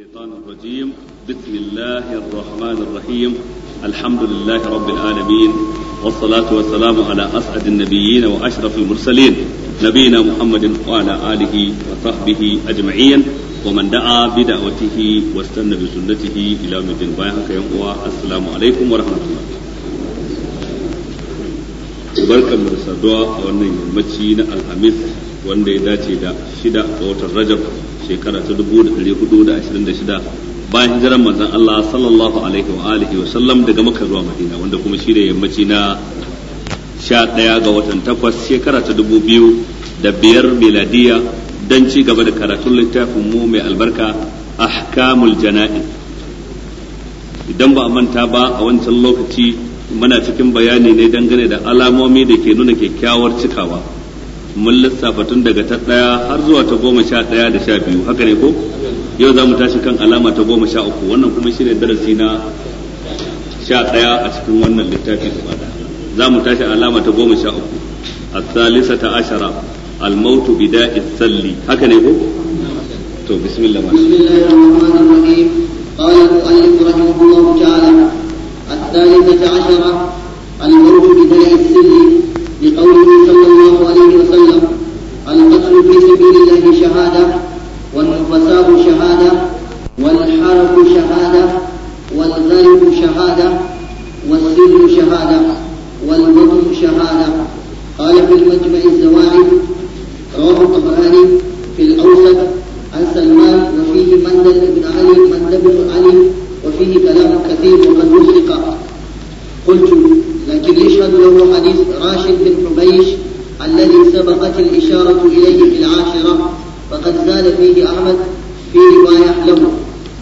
الشيطان الرجيم بسم الله الرحمن الرحيم الحمد لله رب العالمين والصلاة والسلام على أسعد النبيين وأشرف المرسلين نبينا محمد وعلى آله وصحبه أجمعين ومن دعا بدعوته واستنى بسنته إلى يوم الدين السلام عليكم ورحمة الله barkan mu da saduwa a wannan yammaci na alhamis wanda ya dace da shida a watan rajab shekara ta dubu da ɗari hudu da ashirin da shida bayan hijiran manzon Allah sallallahu alaihi wa alihi wa sallam daga maka zuwa madina wanda kuma shi da yammaci na sha ɗaya ga watan takwas shekara ta dubu biyu da biyar miladiya don ci gaba da karatun littafin mu mai albarka ahkamul jana'i idan ba a manta ba a wancan lokaci muna cikin bayani ne dangane da alamomi da ke nuna kyakkyawar cikawa mun lissafa tun daga ta ɗaya har zuwa ta goma sha ɗaya da sha biyu haka ne ko yau za mu tashi kan alama ta goma sha uku wannan kuma shi darasi na sha ɗaya a cikin wannan littafi gaba za mu tashi alama ta goma sha uku الثالثة عشرة الموت بداء الثلي هكذا يقول تو بسم الله بسم الله الرحمن الرحيم قال المؤلف رحمه الله تعالى الثالثة عشرة الموت بداء الثلي لقوله صلى الله عليه وسلم القتل في سبيل الله شهادة والنفساء شهادة والحرب شهادة والغرب شهادة والسر شهادة والبطن شهادة قال في المجمع الزواعي رواه الطبراني في الأوسط عن سلمان وفيه منزل بن علي منزل بن علي وفيه كلام كثير وقد وثق قلت لكن يشهد له حديث راشد بن حبيش الذي سبقت الإشارة إليه في العاشرة فقد زال فيه أحمد في رواية له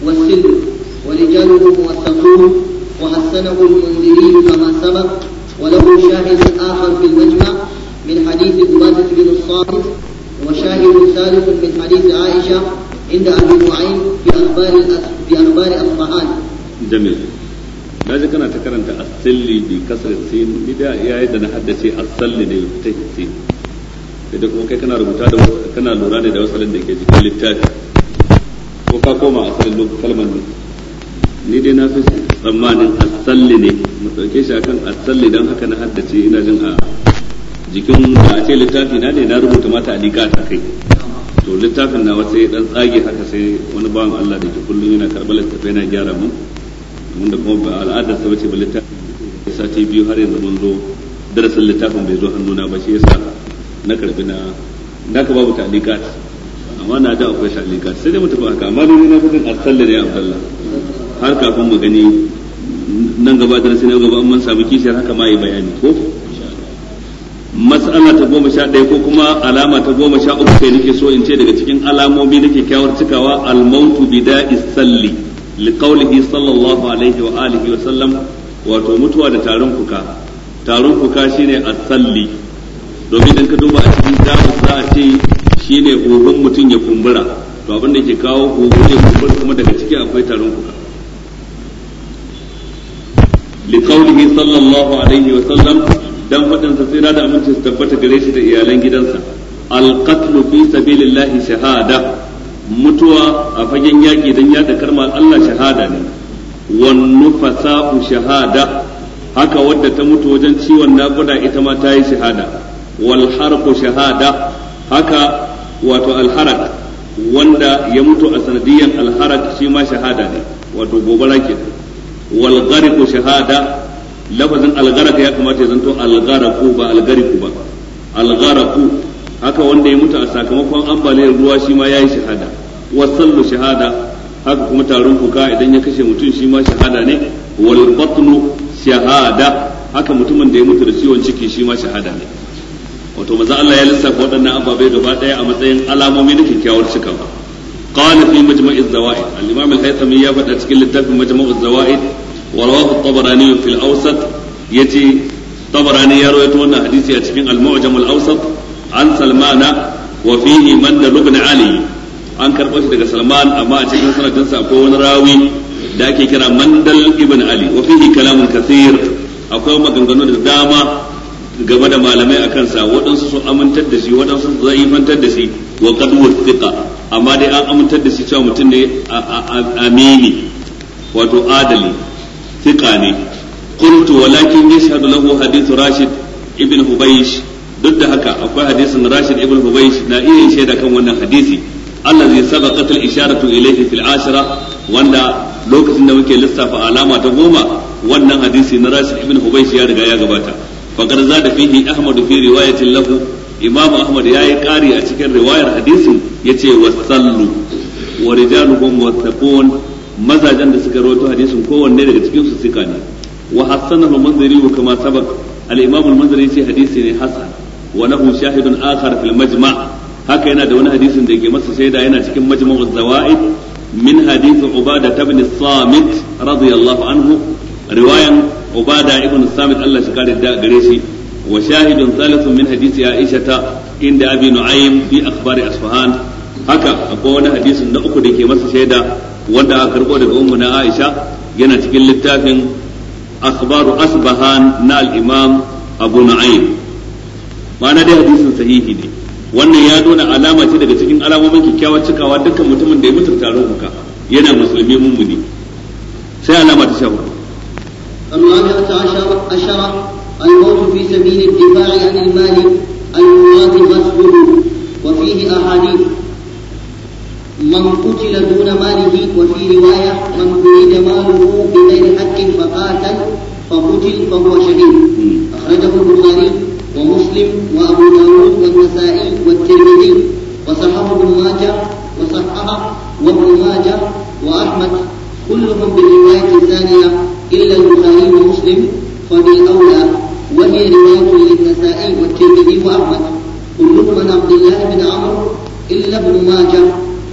والسل ورجاله موثقون وحسنه المنذري كما سبق وله شاهد آخر في المجمع من حديث عبادة بن الصامت وشاهد ثالث من حديث عائشة عند أبي نعيم في أخبار في أخبار أصفهان. جميل. na ji kana ta karanta asalli bi kasar sin ni da ya yi da na haddace asalli ne ta sin da kuma kai kana rubuta da kana lura ne da wasalin da ke jikin littafi ko ka koma a lokacin kalmar ne ni dai na fi tsammanin asalli ne mu dauke shi akan asalli dan haka na haddace ina jin a jikin da a ce littafi na ne na rubuta mata alika ta kai to littafin na wasu dan tsage haka sai wani bawan Allah da ke kullum yana karɓar littafai na gyara mun wanda kuma ba al'adar ta bace ba littafin sati biyu har yanzu mun zo darasin littafin bai zo hannuna ba shi yasa na karbi na ka babu ta'liqat amma na da akwai ta'liqat sai dai mutum haka amma ni na gudun arsalla ne Abdullah har kafin mu gani nan gaba da sai gaba an mun samu kishiyar haka ma yi bayani ko mas'ala ta goma sha ɗaya ko kuma alama ta goma sha uku kai nake so in ce daga cikin alamomi nake kyawar cikawa al-mautu bida'i salli liqaulihi sallallahu alaihi wa alihi wa sallam wato mutuwa da tarin fuka tarin fuka shine tsalli domin idan ka duba a cikin jamus za a ce shine horon mutum ya kumbura to abin da ke kawo horon ya kumbura kuma daga ciki akwai tarin fuka liqaulihi sallallahu alaihi wa sallam dan fadin sa sai da aminci su tabbata gare shi da iyalan gidansa alqatlu fi sabilillahi shahada mutuwa a fagen yaƙi don yaɗa karma Allah shahada ne wannu fasa'u shahada haka wadda ta mutu wajen ciwon naƙuda ita ma ta yi shahada wal harku shahada haka wato alharak wanda ya mutu a sanadiyan alharak shi ma shahada ne wato gobara ke wal shahada lafazin algarak ya kamata ya zanto algaraku ba al'gariku ba algaraku haka wanda ya mutu a sakamakon ambaliyar ruwa shi ma ya yi shahada wasallu shahada haka kuma tarin fuka idan ya kashe mutum shi ma shahada ne wal batnu shahada haka mutumin da ya mutu da ciwon ciki shi ma shahada ne wato maza Allah ya lissafa waɗannan ababai gaba ɗaya a matsayin alamomi na kyakkyawar cikawa qala fi majma'iz zawaid al-imam al-haythami ya faɗa cikin littafin majma'uz zawaid wa rawahu at-tabarani fi al-awsat yace tabarani ya rawaito wannan hadisi a cikin al-mu'jam al-awsat an salmana wa fihi man da ali an karɓo shi daga salman amma a cikin sanadinsa akwai wani rawi da ake kira mandal ibn ali wa fihi kalamun kathir akwai maganganu da dama game da malamai a kansa waɗansu sun amintar da shi waɗansu sun zaifantar da shi wa qad wuthiqa amma dai an amintar da shi cewa mutum ne amini wato adali thiqa ne qultu walakin yashhadu lahu hadithu rashid ibn hubaysh duk da haka akwai hadisin rashid ibn hubaysh na iya shaida kan wannan hadisi allazi sabaqat al-isharatu ilayhi fil ashira wanda lokacin da muke lissafa alama ta goma wannan hadisi na Rashid ibn Hubaysh ya riga ya gabata faqad zada fihi Ahmad fi riwayatin lahu Imam Ahmad ya yi kari a cikin riwayar hadisin yace wasallu wa rijaluhum wattaqun mazajen da suka rawaito hadisin kowanne daga cikinsu su suka ne wa hassanahu al-Manzari kama manzari hadisi ne wa shahidun akhar fil majma' haka yana da wani hadisin da yake masa sai da yana cikin majmu'u zawaid min hadith ubada ibn samit radiyallahu anhu riwayan ubada ibn samit Allah shi kare da gare shi wa shahidun thalithun min hadith aisha ta inda abi nu'aym fi akhbari asfahan haka akwai wani hadisin na uku da yake masa shaida wanda aka karbo daga ummu na aisha yana cikin littafin akhbaru asbahan na al-imam abu nu'aym ma'ana dai hadisin sahihi ne wannan ya nuna alama ce daga cikin alamomin kyakkyawar cikawa dukkan mutumin da ya mutunta roƙa yana musulmi muni sai alama ta shafa الرابعة عشر عشرة الموت في سبيل الدفاع عن المال المراد غسله وفيه أحاديث من قتل دون ماله وفي رواية من أريد ماله بغير حق فقاتل فقتل فهو شهيد أخرجه البخاري ومسلم وأبو داود والنسائي والترمذي وصححه ابن ماجه وصححه وابن ماجه وأحمد كلهم بالرواية الثانية إلا البخاري ومسلم فبالأولى وهي رواية للنسائي والترمذي وأحمد كلهم عن عبد الله بن عمرو إلا ابن ماجه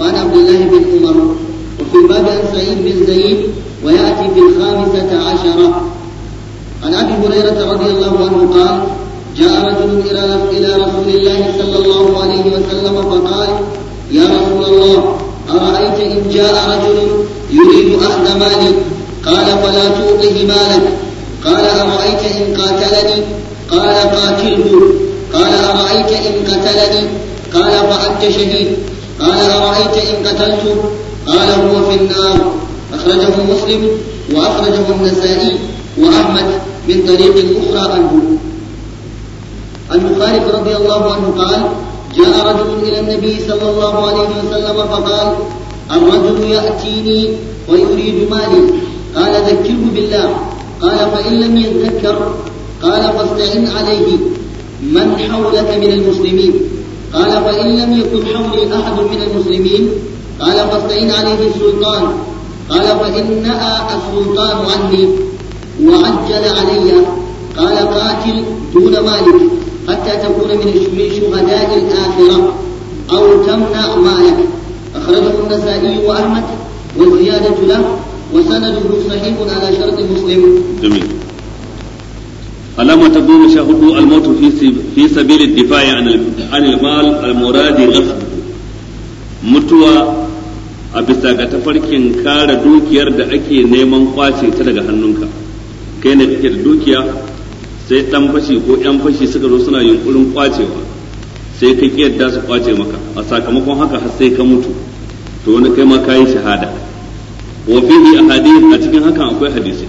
وعن عبد الله بن عمر وفي الباب عن سعيد بن زيد ويأتي في الخامسة عشرة عن أبي هريرة رضي الله عنه قال جاء رجل إلى رسول الله صلى الله عليه وسلم فقال يا رسول الله أرأيت إن جاء رجل يريد أخذ مالي قال فلا تعطه مالك قال أرأيت إن قاتلني قال قاتله قال أرأيت إن قتلني قال فأنت شهيد قال أرأيت إن قتلته قال هو في النار أخرجه مسلم وأخرجه النسائي وأحمد من طريق أخرى عنه عن مخالف رضي الله عنه قال جاء رجل إلى النبي صلى الله عليه وسلم فقال الرجل يأتيني ويريد مالي قال ذكره بالله قال فإن لم يذكر قال فاستعن عليه من حولك من المسلمين قال فإن لم يكن حولي أحد من المسلمين قال فاستعن عليه السلطان قال فإن نأى السلطان عني وعجل علي قال قاتل دون مالك حتى تكون من شهداء الآخرة أو تمنع مالك أخرجه النسائي وأحمد والزيادة له وسنده صحيح على شرط مسلم جميل علامة تقوم شاهد الموت في في سبيل الدفاع عن عن المال المراد غصب متوى a bisa ga tafarkin kare dukiyar da ake neman kwace ta daga hannunka kai ne kake da dukiya sai dan fashi ko yan fashi suka zo suna yunkurin kwacewa sai ka da su kwace maka a sakamakon haka har sai ka mutu to wani kai ma kayi shahada wa fihi ahadith a cikin hakan akwai hadisi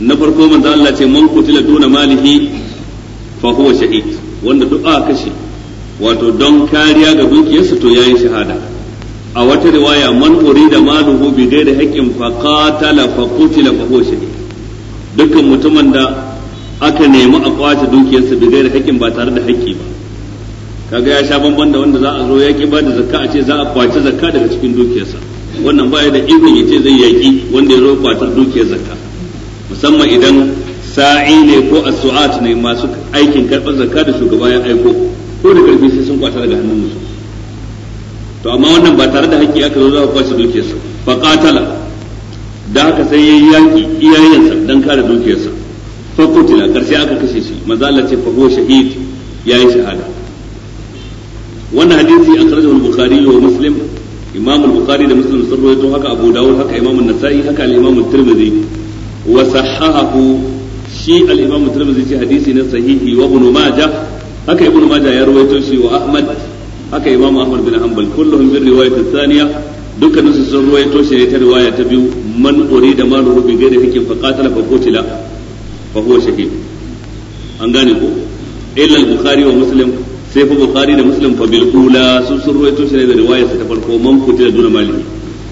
na farko manzo Allah ce man kutila duna malihi fa huwa shahid wanda duk aka kashe wato don kariya ga dukiyarsa to yayi shahada a wata riwaya man urida maluhu bi ghairi haqqin fa qatala fa qutila fa huwa shahid dukkan mutumin da aka nemi a kwace dukiyarsa bai gaira haƙƙin ba tare da haƙƙi ba kaga ya sha bamban da wanda za a zo yaƙi ba da zakka a ce za a kwace zakka daga cikin dukiyarsa wannan baya da ikon ya ce zai yaki wanda ya zo kwatar dukiyar zakka musamman idan sa'i ne ko as-su'at ne masu aikin karɓar zakka da shugaba ya aiko ko da karfi sai sun kwata daga hannun musu to amma wannan ba tare da haƙƙi aka zo za a kwace dukiyarsa fa qatala da haka sai yayi yaki iyayensa dan kare dukiyarsa fa kutila karshe aka kashe shi manzo Allah ce fa shahid ya yi shahada wannan hadisi akhrajahu al-bukhari wa muslim imam bukari da muslim sun rawaito haka abu dawud haka imam an-nasa'i haka al-imam tirmidhi wa sahahahu shi al-imam tirmidhi ce hadisi na sahihi wa ibn majah haka ibn majah ya rawaito shi wa ahmad haka imam ahmad bin hanbal kulluhum min riwayat ath-thaniya dukkanin su sun rawaito shi ne ta riwaya ta biyu man urida malu bi ghairi haqqin fa qatala fa qutila fa huwa an gane ko illal al-bukhari wa muslim sai fa bukhari da muslim fa bil ula sun ruwaito shi ne da ta farko man duna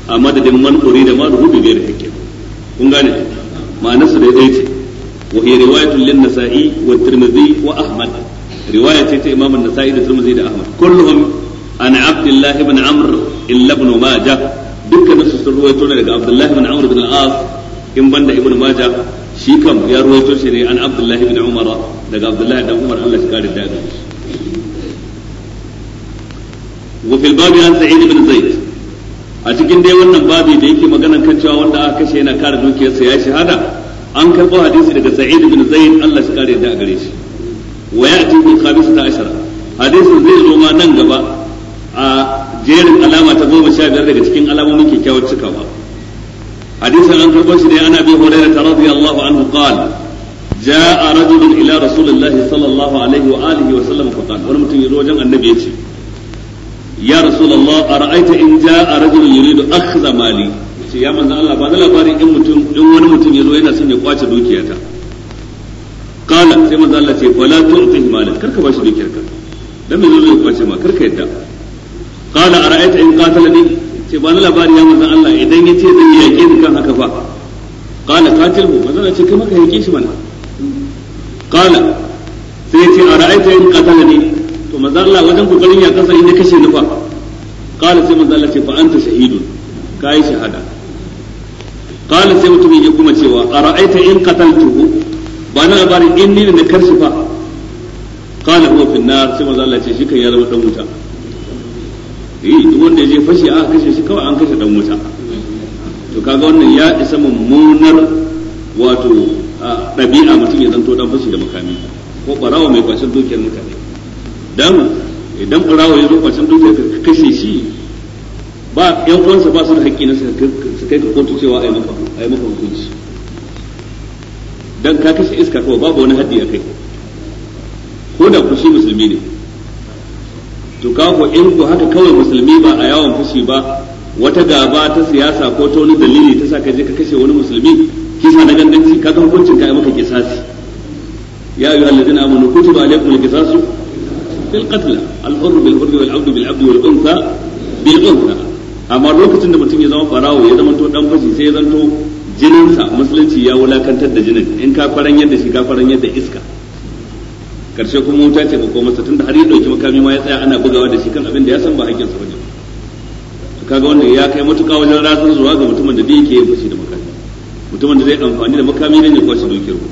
amma da din man kuri da kun gane ma'anar su ce wa hiya lin nasa'i wa tirmidhi wa ahmad riwaya ce ta imam an-nasa'i da tirmidhi da ahmad kulluhum an abdullah ibn amr illa ibn majah dukkan su sun ruwaito daga abdullah ibn amr al-as in banda ibn majah shi kam ya ruwaito shi ne an abdullahi bin umar daga abdullahi dan umar Allah shi kare da ga wa fil babi an sa'id bin zaid a cikin dai wannan babi da yake magana kan cewa wanda aka kashe yana kare dukiyarsa ya shahada an karbo hadisi daga sa'id bin zaid Allah shi kare da gare shi wa ya'ti bil khamisata ashara hadisi zai zo ma nan gaba a jerin alama ta goma sha biyar daga cikin alamomin kyakkyawar cikawa hadisin an karɓo shi ne ana bi hurairah radiyallahu anhu qala جاء رجل إلى رسول الله صلى الله عليه وآله وسلم فقال ولم يروجن النبي يتي يا رسول الله أرأيت إن جاء رجل يريد أخذ مالي يا من الله بعد لا باري إن متم إن ون متم يزوي ناس يقاش دوكيتا قال سي من الله تي فلا تعطيه مالك كرك باش دوكيتا لم يزوي يقاش ما كرك يدا قال أرأيت إن قاتلني ce ba na labari ya manzan Allah idan ya ce zan yi yaƙe ni kan haka ba qala qatilhu manzan Allah ce kai maka yaƙe shi mana kala sai ce a ra'aita yin qatala ne to manzan Allah wajen kokarin ya kasa inda kashe ni fa kala sai manzan Allah ce fa anta shahidun yi shahada kala sai mutumin ya kuma cewa a ra'aita in qataltuhu ba na labari in ni ne na karshe fa kala huwa fi nar sai manzan Allah ce shi kan ya zama dan wuta eh duk wanda je fashi aka kashe shi kawai an kashe dan wuta to kaga wannan ya isa mummunar wato ɗabi'a mutum ya zanto dan fashi da makami ko barawa mai kwacin dukiyar mutane dan idan barawa ya zo kwacin dukiyar ka kashe shi ba yan uwansa ba su da haƙƙi na su kai ka kotu cewa ai maka ai maka hukunci dan ka kashe iska kawai babu wani haddi a kai ko da kushi musulmi ne to kawo in ku haka kawai musulmi ba a yawon fushi ba wata gaba ta siyasa ko ta wani dalili ta sa ka je ka kashe wani musulmi kisa na ganganci ka ga hukuncin ka maka kisasi ya ayyuhal ladina kutu ba alaykumul kisasu fil qatl al hurr bil hurr wal abd bil abd wal untha bil untha amma lokacin da mutum ya zama farawo ya zama to dan fashi sai ya zanto jininsa musulunci ya wulakantar da jinin in ka faran yadda shi ka faran yadda iska karshe kuma wuta ce mako masa tunda har yi dauki makami ma ya tsaya ana bugawa da shi kan abin da ya san ba hakkin sa bane to kaga wannan ya kai mutuka wajen ratsar zuwa ga mutumin da bai ke yin fashi da makami mutumin da zai amfani da makami ne ya kwashi dukiyar ku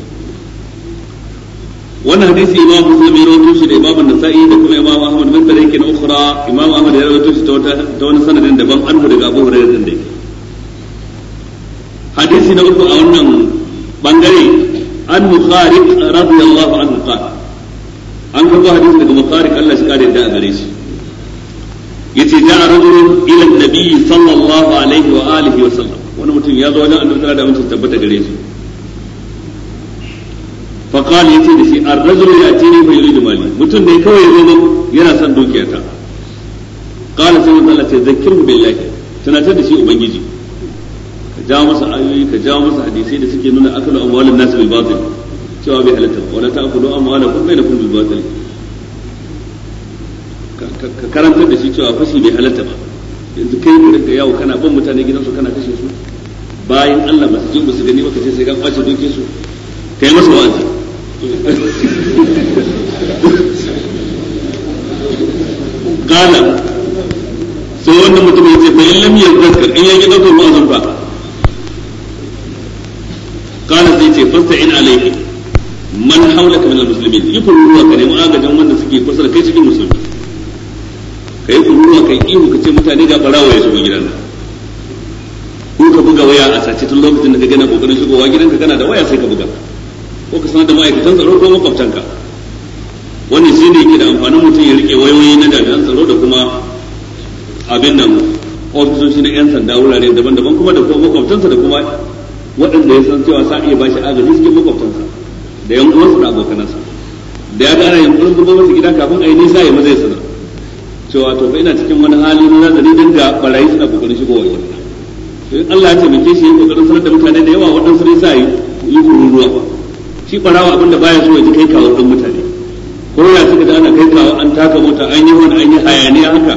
wannan hadisi imam muslim ya rawaito shi da imam an-nasa'i da kuma imam ahmad bin tarayki na ukhra imam ahmad ya rawaito shi ta wani sanadin daban anhu daga abu hurairah din da yake hadisi na uku a wannan bangare an mukharib radiyallahu anhu qala an karɓo hadisi daga bukhari Allah shi kare da a gare shi yace ja'a rajulun ila an-nabi sallallahu alaihi wa alihi wa sallam wani mutum ya zo wajen annabi da mutum tabbata gare shi fa qala yace da shi ar-rajulu yatini fa yuridu mali mutum ne kawai ya zo yana son dukiyata qala sai Allah ta zakkiru billahi tunatar da shi ubangiji ka jawo masa ayoyi ka jawo masa hadisi da suke nuna akalu amwalin nas bil batil cewa bai halatta ba wala ta'kulu amwalakum bainakum bil batil ka karanta da shi cewa fashi bai halatta ba yanzu kai ku rinka yawo kana ban mutane gidan su kana kashe su bayan Allah masu jin musu gani maka ce sai ka kwace dokin su kai masa wa'azi qala sai wannan mutum ya ce fa in lam yazkar in ya ki daukar wa'azin ba qala sai ce fasta fasta'in alaihi man haula kamar musulmi yi ruwa ka nemi agajin wanda suke kusa da kai cikin musulmi ka yi ruwa ka yi ihu ka ce mutane ga barawa ya shigo gidan ko ka buga waya a sace tun lokacin da ka gana kokarin shigowa gidanka kana da waya sai ka buga ko ka sanar da ma'aikatan tsaro ko makwabtanka wannan shi ne yake da amfanin mutum ya rike wayoyi na jami'an tsaro da kuma abin nan ofisoshi na 'yan sanda wurare daban-daban kuma da kuma makwabtansa da kuma waɗanda ya san cewa sa iya bashi agaji cikin makwabtansa da yan uwansa da abokanansa da ya gana yan uwansa ba wasu gida kafin a yi nisa ya maza ya cewa to ina cikin wani hali na nazari dan ga barayi suna kokarin shigowa gida to in Allah ya taimake shi kokarin sanar da mutane da yawa waɗansu ne sa yi kururuwa shi barawa abin da baya so ya ji kai kawo ɗan mutane ko ya suka da ana kai kawo an taka mota an yi wani an yi hayaniya haka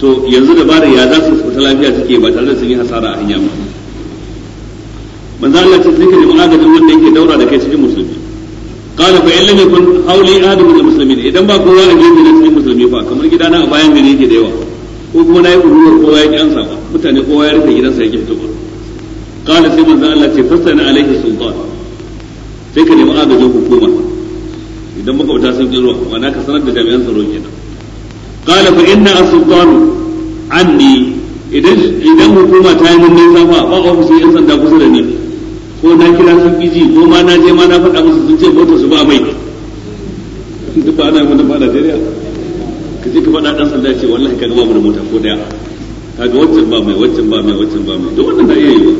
to yanzu dabarar ya za su fita lafiya suke ba tare da sun yi hasara a hanya ba manzo Allah ce zikiri mu agajin wanda yake daura da kai cikin musulmi qala fa illam kun hawli adamu lil muslimin idan ba kowa a gefe na sai musulmi fa kamar gidana a bayan gari yake da yawa ko kuma nayi yi uruwar kowa ya ki ansa mutane kowa ya rufe gidan ya ki fito ba qala sai manzo Allah ce fasana alaihi sultan sai ka nemi agajin hukuma idan makwabta sun ki zuwa ma'ana ka sanar da jami'an tsaro kenan qala fa inna as-sultanu anni idan idan hukuma ta yi mun nisa fa ba ofishin yan sanda kusa da ni ko na kira sun biji ko ma na je ma na faɗa musu sun ce motar su ba mai duk ba ana mana ba Najeriya ka je ka faɗa ɗan sanda ce wallahi ka gama mana mota ko daya ga wancan ba mai wancan ba mai wancan ba mai duk wannan na iya yi ba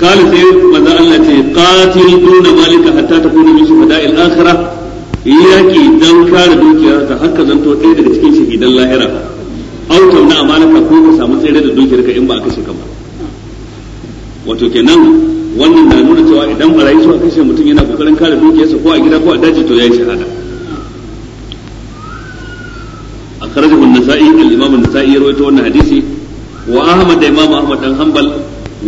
قال سيد ماذا الله قاتل malika hatta حتى تكون من شهداء الآخرة yaki dan kare dukiya ta ka zanto ɗaya daga cikin shahidan lahira na tauna amanaka ko ka samu tsere da dukiyarka in ba a kashe ka ba wato kenan wannan na nuna cewa idan barayi kai sai mutum yana kokarin kare dukiyarsa ko a gida ko a daji to yayi shahada a karaje an-nasa'i al-imam an-nasa'i rawaito wannan hadisi wa ahmad da imam ahmad dan hanbal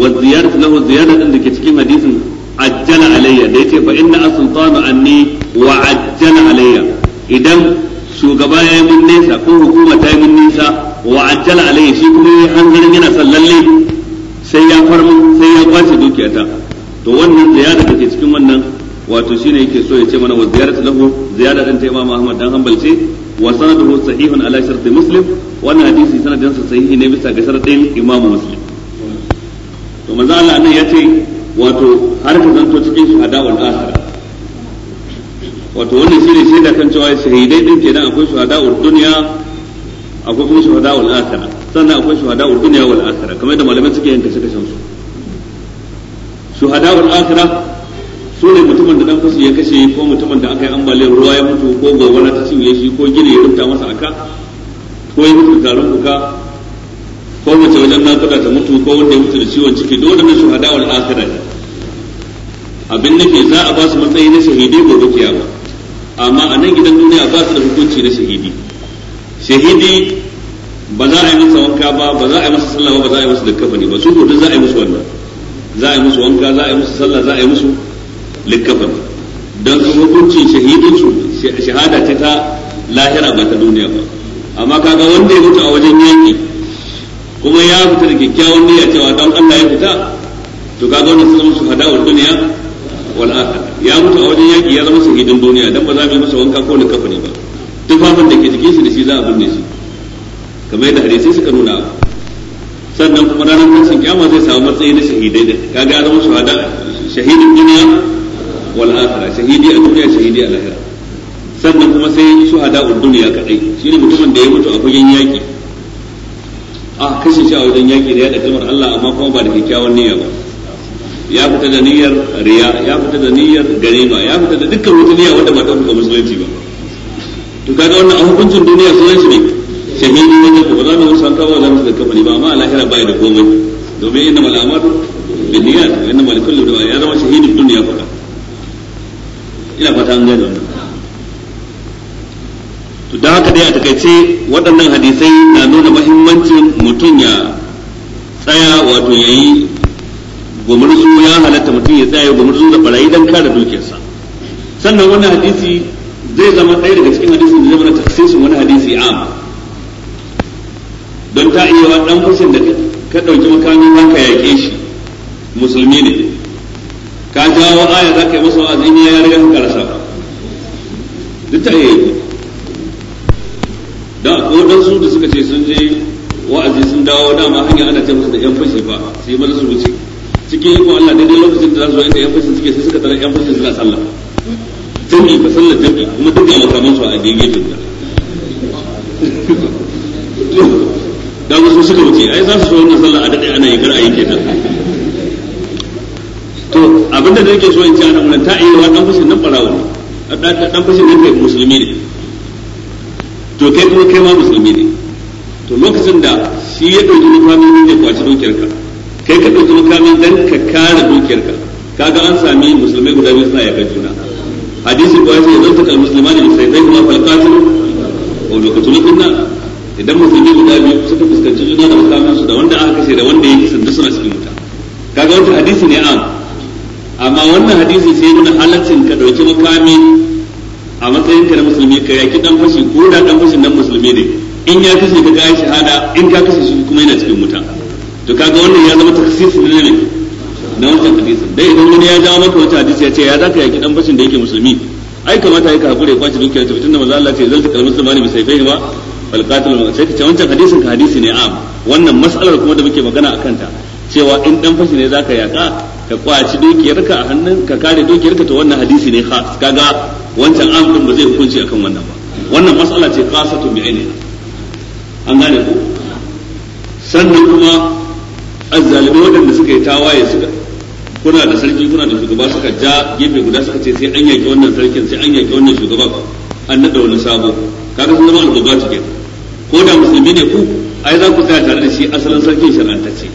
wa ziyaratu lahu ziyadatan dake cikin hadisin ajjala alayya da yace fa inna as-sultanu anni wa ajjala alayya idan shugaba ya yi mun nesa ko hukuma ta yi mun nisa wa ajjala alayya shi kuma ya hanzarin yana sallalle sai ya farmin sai ya kwace dukiyata to wannan ziyara da ke cikin wannan wato shine yake so ya ce mana wa ziyaratu lahu ziyara dan ta Imam Ahmad dan Hanbal ce wa sanaduhu sahihun ala sharti Muslim wannan hadisi sanadin sa sahihi ne bisa ga sharadin Imam Muslim to manzo Allah nan ya ce wato har ka zanto cikin shahada wal akhir wato wannan shine shaida kan cewa shahidai din kenan akwai shahada wal dunya akwai kuma shahada wal akhirah sannan akwai shuhada ul dunya wal akhirah kamar yadda malamai suke yin kashe kashen su shuhada ul akhirah su ne mutumin da dan fasu ya kashe ko mutumin da aka yi ambaliyar ruwa ya mutu ko gobara ta cinye shi ko gini ya rubuta masa aka ko ya mutu tarin kuka ko mace wajen nakuda ta mutu ko wanda ya mutu da ciwon ciki duk wadannan shuhada wal akhirah abin nake za a ba su matsayi na shahidi gobe kiyama amma a nan gidan duniya ba su da hukunci na shahidi shahidi ba za a yi masa wanka ba ba za a yi masa sallah ba ba za a yi masa ne ba su ko duk za a yi musu wannan za a yi musu wanka za a yi musu sallah za a yi musu likkafani dan su hukunci shahidin su shahada ce ta lahira ba ta duniya ba amma kaga wanda ya mutu a wajen yaki kuma ya fita da kyakkyawan niyya cewa dan Allah ya fita to kaga wannan sun musu hada'ul duniya wal akhirah ya mutu a wajen yaki ya zama shahidin duniya dan ba za mu yi masa wanka ko ne ba tufafin da ke jikin shi da shi za a binne shi kamar yadda hadisi suka nuna sannan kuma ranar tashin kiyama zai samu matsayi na shahidai da kaga ya zama shahada shahidin duniya wal akhirah shahidi a duniya shahidi a lahira sannan kuma sai shahada a duniya kadai shine mutumin da ya mutu a fagen yaki a kashe shi a wajen yaki da ya da kalmar Allah amma kuma ba da kyakkyawan niyya ba ya fita da niyyar riya ya fita da niyyar ganima ya fita da dukkan wata niyya wanda ba ta fuka musulunci ba to kaga wannan a hukuncin duniya sunan shi ne ce min yi wajen ku ba za mu yi santa ba za mu da ba amma a lahira bai da komai domin inna mal amaru da niyyat wa inna mal kullu da ya zama shahidin duniya fada ina fata an gane to da haka dai a takaice waɗannan hadisai na nuna mahimmancin mutum ya tsaya wato yayi gumurzu ya halatta mutum ya tsaya gumurzu da barayi dan kare dukiyarsa sannan wannan hadisi zai zama ɗaya daga cikin hadisin da zama na tafsirin wani hadisi amma don ta iya wa dan musun da ka dauki makami za ka yake shi musulmi ne ka jawo aya za ka yi masa wa zini ya riga ka rasa duk ta iya yi da akwai su da suka ce sun je wa'azi sun dawo dama hanyar ana ce musu da yan fashi ba sai mana su wuce cikin ikon Allah daidai lokacin da za su zo da yan fashi suke sai suka tara yan fashi suna sallah jami'i fa sallar jami'i kuma duk da makamansu a gegefen da suka wuce ai za su so wannan sallah a dade ana yi kar a yi kenan to abin da nake so in ci anan ta iya wa dan fushin nan barawo ne dan fushin nan kai musulmi ne to kai kuma kai ma musulmi ne to lokacin da shi ya dauki makamin da ya kwaci ka kai ka dauki makamin dan ka kare ka kaga an sami musulmai guda biyu suna yakan juna hadisi ko ya ce zan ta kalmusulmani sai zai kuma falqatil wa lokacin kunna idan musulmi guda biyu suka fuskanci juna da mutanen su da wanda aka kashe da wanda ya kisa duk suna cikin wuta kaga wancan hadisi ne an amma wannan hadisi sai nuna halaccin ka dauki makami a matsayin ka na musulmi ka yaki dan fashi ko da dan fashin nan musulmi ne in ya kashe ka ga shahada in ka kashe shi kuma yana cikin wuta to kaga wannan ya zama takhsis ne ne na wancan hadisi dai idan wani ya jawo maka wata hadisi ya ce ya zaka yaki dan fashin da yake musulmi ai kamata ya ka hakure kwace dukiya ta da manzo Allah ce zai al-muslimani bi sayfihi ba wal qatil sai ka ce wancan hadisin ka hadisi ne am wannan mas'alar kuma da muke magana akan ta cewa in dan fashi ne zaka yaka ka kwaci dukiyarka a hannun ka kare dukiyarka to wannan hadisi ne ha kaga wancan am din ba zai hukunci akan wannan ba wannan mas'ala ce qasatu bi ainiha an gane ko sannan kuma azzalimi wadanda suka yi tawaye suka kuna da sarki kuna da shugaba suka ja gefe guda suka ce sai an yaki wannan sarkin sai an yaki wannan shugaba an nada wani sabo kaga sun zama albabatu kenan ko da musulmi ne ku ai za ku tsaya tare da shi asalin sarkin shar'antacce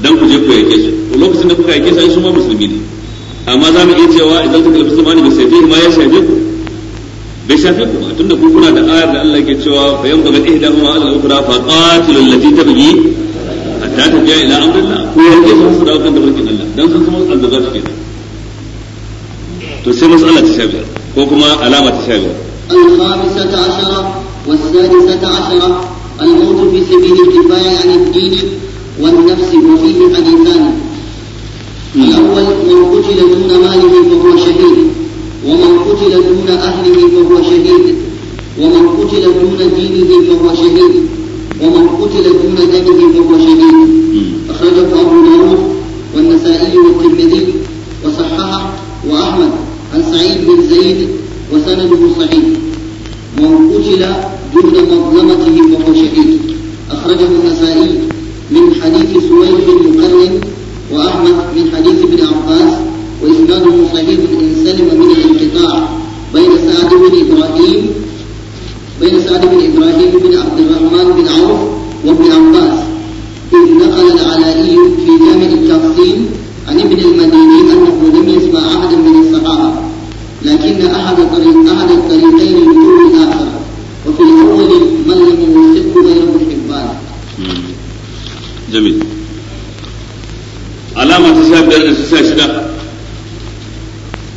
dan ku je ku yake su to lokacin da kuka yake sai su ma musulmi ne amma za mu iya cewa idan kuka lafi zamani bai sai ma ya shafe ku bai shafe ku ba tunda ku kuna da ayar da Allah ke cewa bayan bagal da ala Allah ukhra fa qatilul lati tabghi hatta tafiya ila amrillah ku yake sun su dawo kan da barkin Allah dan sun kuma azzaba su kenan to sai mas'ala ta shafi ko kuma alama ta shafi al-khamisata والسادسة عشرة الموت في سبيل الكفاية عن الدين والنفس وفيه حديثان الأول من قتل دون ماله فهو شهيد ومن قتل دون أهله فهو شهيد ومن قتل دون دينه فهو شهيد ومن قتل دون دمه فهو شهيد أخرجه أبو داود والنسائي والترمذي وصححه وأحمد عن سعيد بن زيد وسنده صحيح من قتل دون مظلمته وهو شهيد أخرجه النسائي من حديث سويد بن مقرن وأحمد من حديث ابن عباس وإسناده صحيح إن سلم من الانقطاع بين سعد بن إبراهيم بين سعد بن إبراهيم بن عبد الرحمن بن عوف وابن عباس إذ نقل العلائي في جامع التقسيم عن ابن المديني أنه لم يسمع أحدا من الصحابة لكن أحد أحد الطريقين يدور الآخر وكل مؤمن من له يحب غيره حبان جميل alama ta sha biyar da ta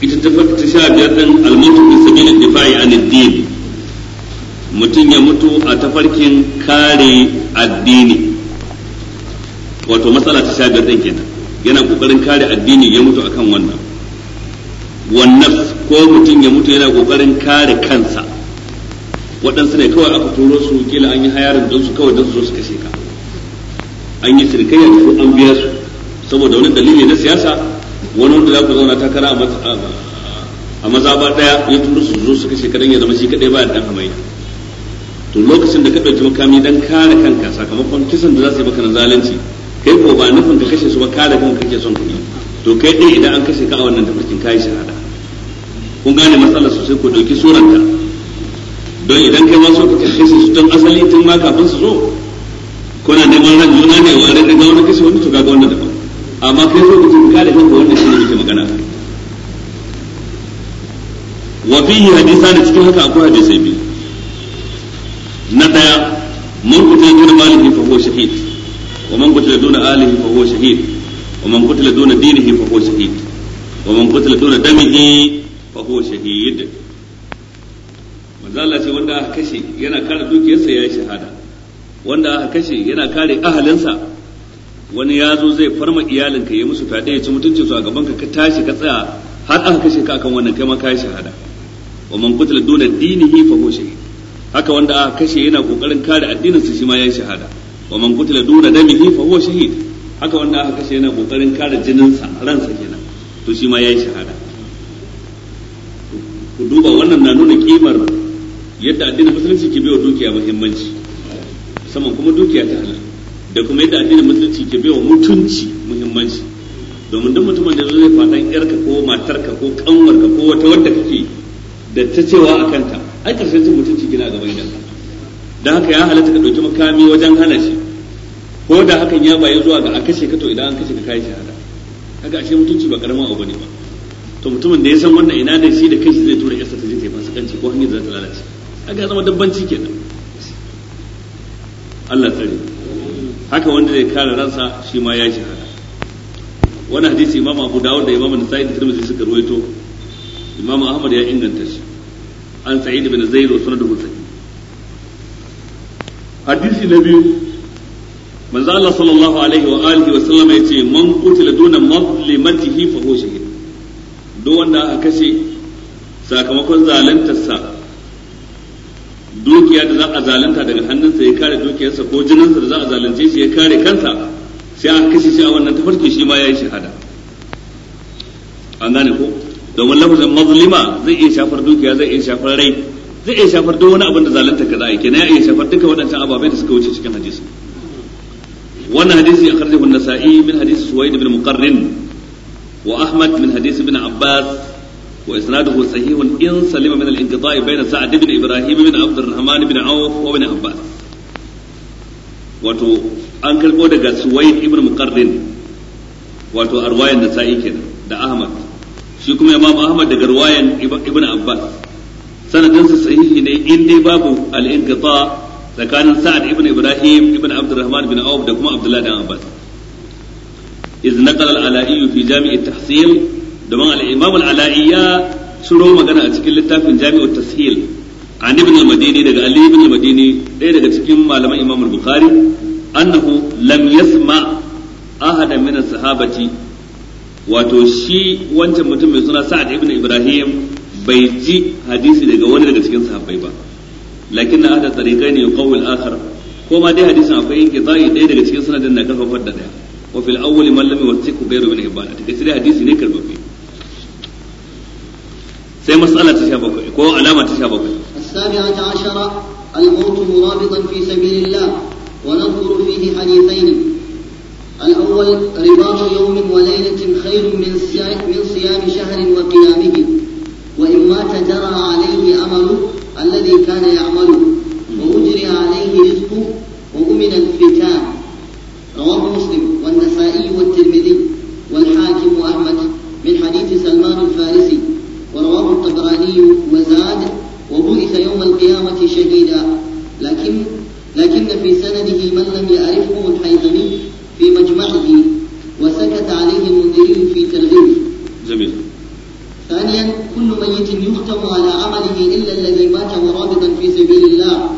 ita ta sha biyar din almutu bi sabilin difa'i an ad-din mutum ya mutu a tafarkin kare addini wato matsala ta sha biyar din kenan yana kokarin kare addini ya mutu akan wannan wannan ko mutum ya mutu yana kokarin kare kansa waɗansu ne kawai aka turo su kila an yi hayarin don su kawai don su zo su kashe ka an yi sirkaya da su an biya su saboda wani dalili na siyasa wani wanda za ku zauna takara a mazaba ɗaya ya turo su zo su kashe ka ya zama shi kaɗai ba dan hamayya to lokacin da ka ɗauki makami don kare kanka sakamakon kisan da za su yi maka na zalunci kai ko ba nufin ka kashe su ba kare kanka kake son kuɗi to kai ɗaya idan an kashe ka a wannan tafarkin kayi shahada kun gane matsalar sosai ko ɗauki suranta don idan kai masu ka kashe su don asali tun ma kafin su zo kuna neman ran juna ne wa ran ga wani kashe wani to kaga wannan daban amma kai so kace ka da kanka wannan shine muke magana wa fihi hadisan cikin haka akwai hadisi biyu na daya mun kutila duna malihi fa huwa shahid wa man kuta duna alihi fa huwa shahid wa man kuta duna dinihi fa huwa shahid wa man kuta duna damihi fa huwa shahid manzala ce wanda aka kashe yana kare dukiyarsa ya yi shahada wanda aka kashe yana kare ahalinsa wani ya zo zai farma iyalinka ya musu fyaɗe ya ci mutuncin su a gaban ka tashi ka tsaya har aka kashe ka kan wannan kai ma ka yi shahada wa man qutila duna dinihi fa huwa shahid haka wanda aka kashe yana kokarin kare addinin sa shi ma ya yi shahada wa man qutila duna damihi fa huwa shahid haka wanda aka kashe yana kokarin kare jinin sa ransa kenan to shi ma ya yi shahada ku duba wannan na nuna kimar yadda addinin musulunci ke baiwa dukiya muhimmanci musamman kuma dukiya ta halal da kuma yadda addinin musulunci ke baiwa mutunci muhimmanci domin duk mutumin da zai fadan yarka ko matarka ko kanwarka ko wata wadda kake da ta cewa a kanta ai karshen cin mutunci gina gaba idan dan haka ya halatta ka dauki makami wajen hana shi ko da hakan ya bayi zuwa ga a kashe ka to idan an kashe ka kai shahada kaga ashe mutunci ba karamin abu ne ba to mutumin da ya san wannan ina da shi da kanshi zai tura yasa ta je ta yi fasikanci ko hanyar za ta lalace aka zama dabbanci nan. Allah tsare haka wanda zai kare ransa shi ma ya shahada wani hadisi imam abu dawud da imam nasa'i da tirmidhi suka ruwaito imam ahmad ya inganta shi an sa'id bin zaid wa Sanadu sahih hadisi na biyu manzo Allah sallallahu alaihi wa alihi wa sallam ce man qutila duna mazlimatihi fa huwa shahid duk wanda aka kashe sakamakon zaluntarsa dukiya da za a zalunta daga hannunsa ya kare dukiyarsa ko jininsa da za a zalunce shi ya kare kansa sai aka kashe shi a wannan tafarki shi ma ya yi shahada an gane ko domin lafazin mazlima zai iya shafar dukiya zai iya shafar rai zai iya shafar duk wani abin da zalunta kaza yake na ya iya shafar duka waɗancan ababai da suka wuce cikin hadisi wannan hadisi ya karjahu nasa'i min hadisi suwaid bin muqarrin wa ahmad min hadisi bin abbas وإسناده صحيح إن سلم من الانقطاع بين سعد بن إبراهيم بن عبد الرحمن بن عوف وابن عباس wato an karbo daga suwaid ibn muqarrin wato a ruwayan nasa'i kenan da ahmad shi kuma imam ahmad daga ruwayan ibn abbas sanadin su ne in dai babu al-inqita tsakanin sa'ad ibn ibrahim ibn abdurrahman bin auf da kuma abdullahi ibn abbas iz naqala al fi jami' at domin al-imam ya suro magana a cikin littafin jami'u tashil an ibn al-madini daga ali ibn al-madini ɗaya daga cikin malaman imam al-bukhari annahu lam yasma ahada min sahabati wato shi wancan mutum mai suna sa'ad ibn ibrahim bai ji hadisi daga wani daga cikin sahabbai ba lakin ahada tariqaini yuqawwi al-akhar ko ma dai hadisin akwai inqita'i ɗaya daga cikin sanadin na karfafar da daya wa fil awwal man lam yuwathiqu ghayru ibn hibban take sai hadisi ne karbabe sai matsala ta sha bakwai ko alama ta sha bakwai. Asabiya ashara al-mawt murabitan fi sabilillah wa nadhkuru fihi hadithain al-awwal ribat yawmin wa laylatin khairun min siyam min siyam shahrin wa qiyamihi wa in ma tajara alayhi amalu alladhi kana ya'malu wa ujri alayhi wa umina al-fitan rawahu muslim wa an-nasa'i wa at-tirmidhi wa al ahmad min hadith salman al-farisi ورواه الطبراني وزاد وبعث يوم القيامة شهيدا لكن لكن في سنده من لم يعرفه الحيثمي في مجمعه وسكت عليه المنذري في ترغيبه جميل ثانيا كل ميت يختم على عمله إلا الذي مات مرابطا في سبيل الله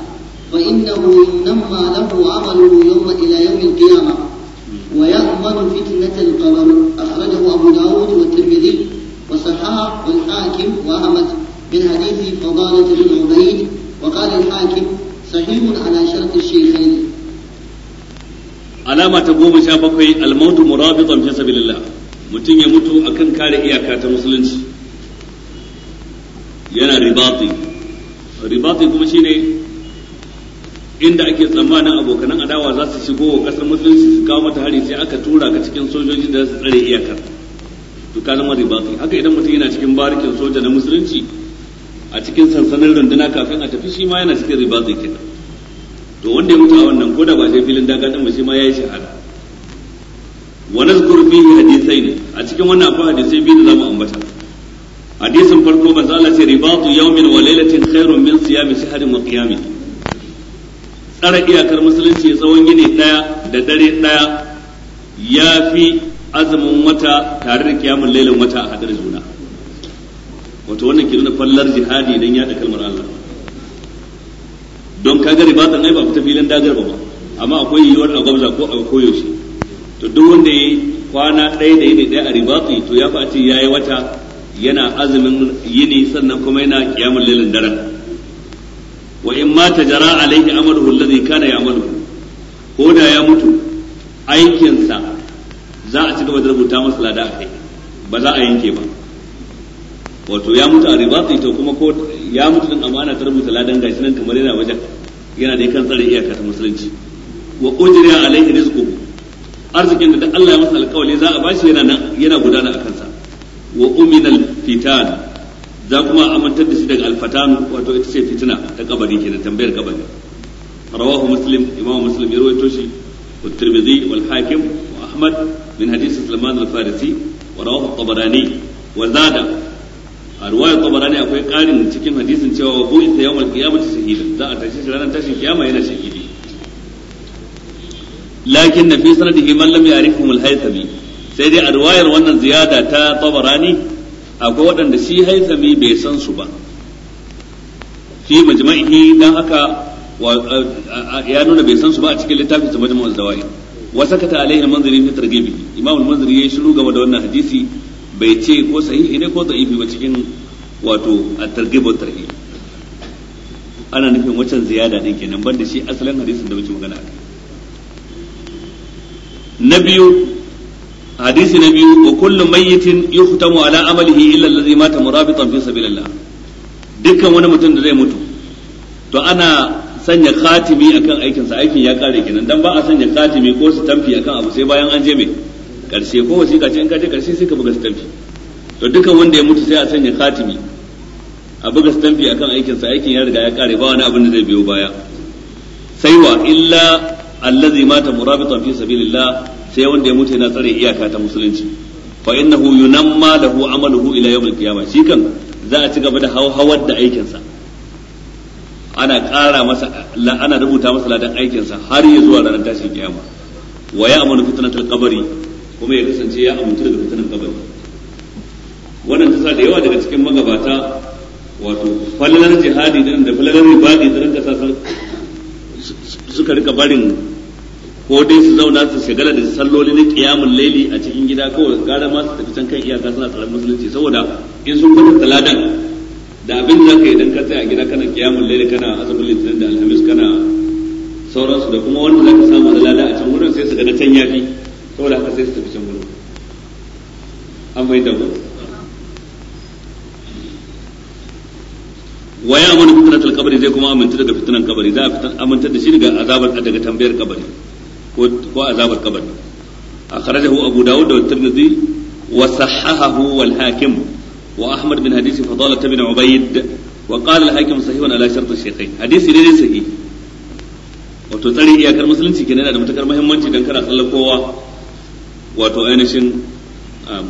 فإنه ينمى له عمله يوم إلى يوم القيامة ويأمن فتنة القبر أخرجه أبو داود والترمذي وصححه الحاكم وأحمد من حديث فضالة بن عبيد وقال الحاكم صحيح على شرط الشيخين alama ta goma sha bakwai almautu murabitan fi sabilillah mutum ya mutu akan kare iyaka ta musulunci yana ribati ribati kuma shine inda ake tsammanin abokanan adawa za su shigo wa kasar musulunci su kawo mata hari sai aka tura ka cikin sojoji da za su tsare iyakar to ka zama ribati haka idan mutum yana cikin barikin soja na musulunci a cikin sansanin runduna kafin a tafi shi ma yana cikin ribati kenan to wanda ya mutu a wannan ko da ba sai filin daga din ba shi ma yayi shahada wa nazkur hadisai ne a cikin wannan akwai hadisai biyu da zamu ambata hadisin farko ba a Allah ce ribatu yawmin wa lailatin khairun min siyami shahrin wa qiyamin tsara iyakar musulunci tsawon gini daya da dare daya ya fi azumin wata tare da kiyamun lailan wata a hadar juna wato wannan ke nuna fallar jihadi don yaɗa kalmar Allah don kaga ribatan ai ba fita filin dagar ba amma akwai yiwuwar a gwamza ko a koyaushe to duk wanda ya kwana ɗaya da yini ɗaya a ribati to ya fa ya yi wata yana azumin yini sannan kuma yana kiyamun lailan daren wa in ma tajara alaihi amaluhu alladhi kana ya'malu ko da ya mutu aikinsa za a ci gaba da rubuta masa lada kai ba za a yanke ba wato ya mutu a riba ta kuma ko ya mutu din amma ana ta rubuta ladan gashi nan kamar yana wajen yana da kan tsare iyaka ta musulunci wa ujriya alaihi rizqu arzikin da Allah ya masa alƙawari za a bashi yana nan yana gudana a kansa wa uminal fitan za kuma amantar da shi daga alfatan wato ita ce fitina ta kabari kenan tambayar kabari rawahu muslim imamu muslim ya rawaito shi wa tirmidhi wal hakim wa ahmad من حديث سلمان الفارسي ورواه الطبراني وزاد رواية الطبراني أكوي قارن تكين حديث سوى وبوئت يوم القيامة شهيدا ذا أتشيش لنا تشي القيامة هنا شهيدي لكن في سنده من لم يعرفهم الهيثمي سيدي رواية وانا زيادة تا طبراني أكوي وانا شي هيثمي بيسان سبا في مجمعه دا haka ya nuna bai san su ba a cikin littafin su majmu'ul dawaid wa sakata alaihi manzari fi targhibi imam al-manzari yayi shiru game da wannan hadisi bai ce ko sahihi ne ko da'ifi ba cikin wato at-targhib wa tarhib ana nufin wacan ziyada din kenan da shi asalin hadisin da muke magana akai na biyu hadisi na biyu wa kullu mayyitin yuhtamu ala amalihi illa allazi mata murabitan fi sabilillah dukkan wani mutum da zai mutu to ana sanya khatimi akan aikin sa aikin ya kare kenan dan ba a sanya khatimi ko su tamfi akan abu sai bayan an je mai karshe ko wasiƙa ce in ka je karshe sai ka buga su tamfi to dukan wanda ya mutu sai a sanya khatimi a buga su tamfi akan aikin sa aikin ya riga ya kare ba wani abin da zai biyo baya sai wa illa allazi mata murabitan fi sabilillah sai wanda ya mutu yana tsare iyaka ta musulunci fa innahu yunamma lahu amaluhu ila yawm al-qiyamah shi kan za a ci gaba da hauhawar da aikin sa ana ƙara masa ana rubuta masa ladan aikinsa har ya zuwa ranar tashin kiyama wa ya amanu fitnatul qabri kuma ya kasance ya amintu daga fitnatul qabri wannan ta da yawa daga cikin magabata wato falalar jihadi din da falalar ribadi da ranka sasar suka rika barin ko dai su zauna su shagala da salloli na kiyamun laili a cikin gida kawai gara ma su tafi can kan iyaka suna tsaron musulunci saboda in sun kwatanta ladan da abin da ka yi dan ka tsaya a gida kana kiyamun laili kana azumin litinin da alhamis kana sauransu da kuma wanda zaka samu da lada a can wurin sai su ga na can yafi saboda haka sai su tafi can wurin an bai da waya wa ya amanu fitnatul zai kuma amince daga fitnan kabari za a amince da shi daga azabar daga tambayar kabari ko ko azabar kabari akhrajahu abu dawud da tirmidhi wa sahahahu wal hakim وأحمد من حديث فضالة بن عبيد وقال الحاكم صحيح على شرط الشيخين حديث ليس sahi wato tsari iyakar musulunci kenan yana da matakar muhimmanci don kana kowa wato ainihin um,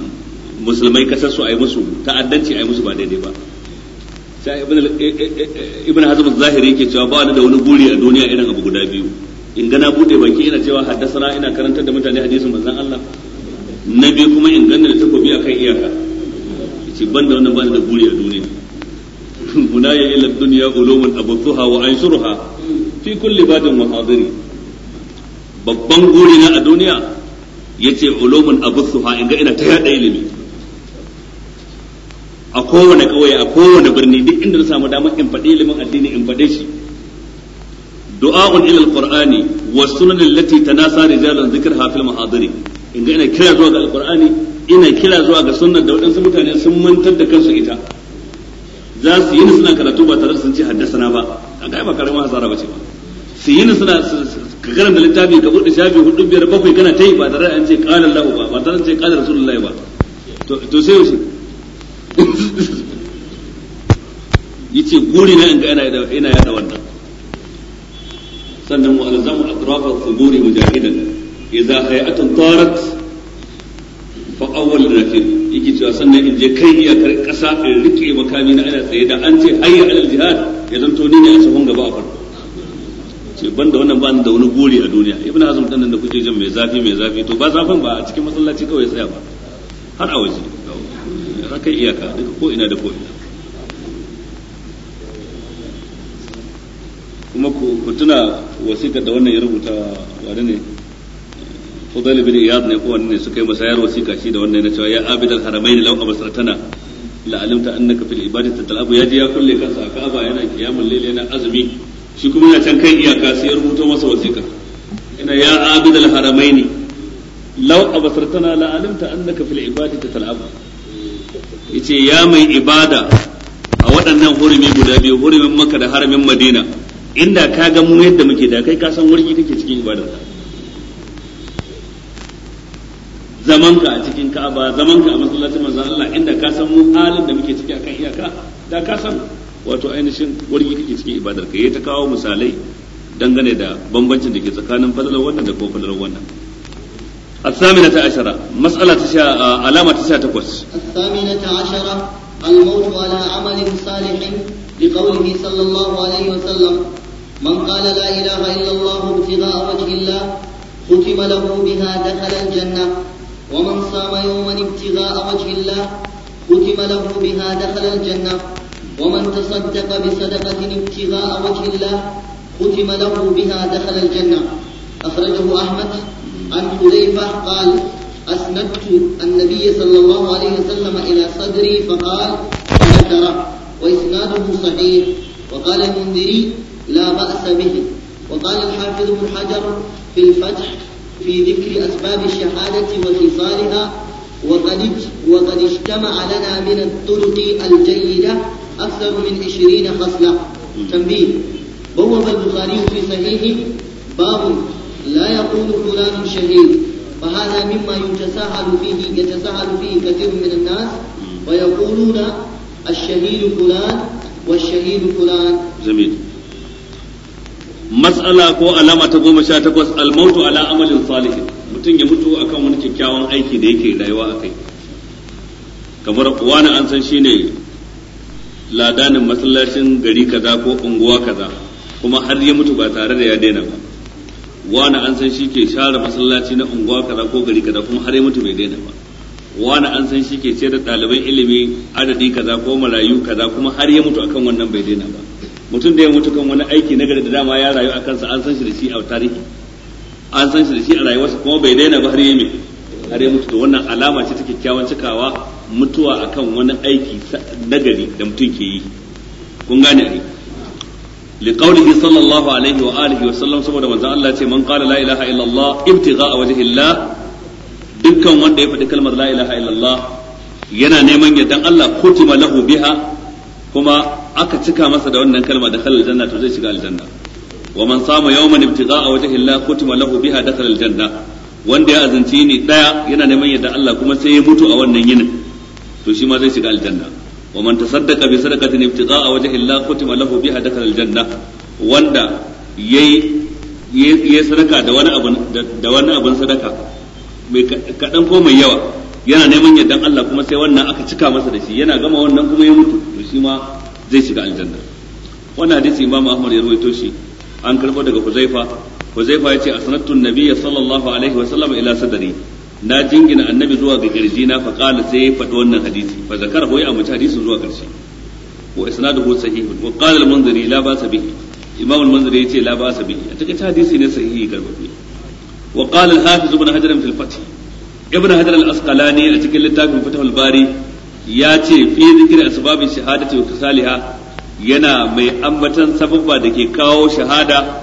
musulmai kasar su yi musu ta'addanci yi musu ba daidai ba sai ibn eh, eh, eh, ibn hazm zahiri yake cewa ba da wani buri a duniya irin abu guda biyu in gana bude baki ina cewa haddasa ina karantar da mutane hadisin manzon Allah na biyu kuma in ganna da takobi akan iyaka yace ban da wannan ba da buri a duniya bunaya ila dunya ulumun abuthuha wa ansuruha fi kulli badin wa hadiri babban guri na a duniya yace ulumun abuthuha in ga ina ta yada ilimi a kowane kauye a kowane birni duk inda na samu damar in faɗi ilimin addini in faɗe shi du'a'un ila alqur'ani was sunan allati tanasa rijalun dhikrha fil muhadiri. in ga ina kira zuwa ga alkur'ani ina kira zuwa ga sunnar da waɗansu mutane sun mantar da kansu ita za su yi suna karatu ba tare da sun ce haddasa ba a kaga ba karama hasara ba ce ba su yi suna ka karanta littafi ka bude shafi hudu biyar bakwai kana ta yi ba tare da an ce qala lahu ba ba tare da an ce qala Rasulullahi ba to to sai yi yace guri na in ga ina yada wannan sannan mu alzamu atrafa al-quburi mujahidan idza hay'atun tarat fa awwal rakib yake cewa sannan in je kai iyakar kasa in rike makami na ana tsaye da an ce hayya alal jihad ya zanto ni ne a sahun gaba a farko ce ban da wannan bani da wani gori a duniya ibn azum dan da kuke jin mai zafi mai zafi to ba zafin ba a cikin masallaci kawai tsaya ba har a waje haka iyaka duka ko ina da ko ina kuma ku tuna wasiƙar da wannan ya rubuta wa ne fudal bin iyad ne ko wanne suka yi masa yarwa shi da wannan na cewa ya abidal haramain law abasartana la alimta annaka fil ibadati talabu yaji ya kulle kansa a ka'aba yana kiyamul layl yana azumi shi kuma yana can kai iyaka sai ya rubuto masa wasiƙa. ina ya abidal haramain law abasartana la alimta annaka fil ibadati talabu yace ya mai ibada a waɗannan hurumi guda biyu hurumin maka da haramin madina inda ka ga mu yadda muke da kai ka san warki kake cikin ibadar zamanka a cikin ka'aba zamanka a masallacin manzon Allah inda ka san mu halin da muke ciki akan iyaka da ka san wato ainihin wargi kake cikin ibadar ka ta kawo misalai dangane da bambancin da ke tsakanin fadalar wannan da kuma fadalar wannan الثامنة عشرة مسألة تشاء علامة تشاء تقص الثامنة عشرة الموت على عمل صالح لقوله صلى الله عليه وسلم من قال لا إله إلا الله ابتغاء وجه الله ختم له بها دخل الجنة ومن صام يوما ابتغاء وجه الله كتب له بها دخل الجنة ومن تصدق بصدقة ابتغاء وجه الله ختم له بها دخل الجنة أخرجه أحمد عن حذيفة قال أسندت النبي صلى الله عليه وسلم إلى صدري فقال ذكر وإسناده صحيح وقال المنذري لا بأس به وقال الحافظ بن حجر في الفتح في ذكر أسباب الشهادة وخصالها وقد وقد اجتمع لنا من الطرق الجيدة أكثر من عشرين خصلة تنبيه بوب البخاري في صحيحه باب لا يقول فلان شهيد فهذا مما يتساهل فيه يتساهل فيه كثير من الناس ويقولون الشهيد فلان والشهيد فلان جميل mas'ala ko alama ta goma sha takwas almautu ala amalin salihin mutum ya mutu akan wani kyakkyawan aiki da yake rayuwa a kai kamar wani an san shine ladanin masallacin gari kaza ko unguwa kaza kuma har ya mutu ba tare da ya daina ba wani an san shi ke share masallaci na unguwa kaza ko gari kaza kuma har ya mutu bai daina ba wani an san shi ke ce da ɗaliban ilimi adadi kaza ko marayu kaza kuma har ya mutu akan wannan bai daina ba mutum da ya mutu kan wani aiki nagari da dama ya rayu a kansa an san shi da shi a tarihi an san shi da shi a rayuwarsa kuma bai daina ba har yi mai har ya mutu to wannan alama ce ta kyakkyawan cikawa mutuwa akan wani aiki nagari da mutum ke yi kun gane ai liqaulihi sallallahu alaihi wa alihi wa sallam saboda manzo Allah ce man qala la ilaha illallah ibtigha'a wajhillah dukkan wanda ya faɗi kalmar la ilaha illallah yana neman yardan Allah kutima lahu biha kuma aka cika masa da wannan kalma da khalal janna to zai shiga aljanna wa man sama yawman ibtigha'a wajhi Allah kutima lahu biha dakhala aljanna wanda ya azanci ni daya yana neman yadda Allah kuma sai ya mutu a wannan yinin to shi ma zai shiga aljanna wa man tasaddaqa bi sadaqatin ibtigha'a wajhi Allah kutima lahu biha dakhala aljanna wanda yayi ya sadaka da wani abu da wani abun sadaka mai kadan ko mai yawa yana neman yadda Allah kuma sai wannan aka cika masa da shi yana gama wannan kuma ya mutu to shi ma zai shiga aljanna wannan hadisi imamu ahmad ya rawaito shi an karbo daga huzaifa huzaifa ya ce sallallahu alaihi wa sallam ila na jingina annabi zuwa ga kirji na fa qala sai wannan hadisi fa zakara a mace hadisin zuwa karshe wa isnaduhu sahihun wa qala al-munziri la ba'sa bihi imam al-munziri la ba'sa bihi a cikin hadisi ne sahihi wa qala al-hafiz ibn hajar fil fath ibn hajar al-asqalani a cikin littafin fathul bari ya ce fi zikir asbabin ce wa tasaliha yana mai ambatan sababba da ke kawo shahada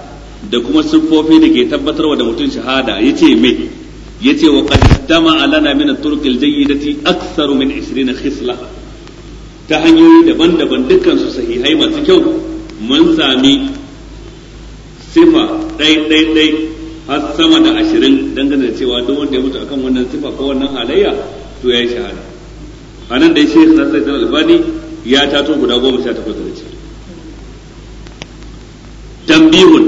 da kuma siffofi da ke tabbatar wa da mutum shahada ya ce me ce wa qaddama alana min turkil jayyidati aksaru min 20 khisla ta hanyoyi daban-daban dukkan su sahihai masu kyau mun sami sifa ɗai ɗai ɗai har sama da ashirin dangane da cewa duk wanda ya mutu akan wannan sifa ko wannan halayya to ya yi shahada a nan da shekh na sai albani ya tato guda goma sha takwas da ciki tambihun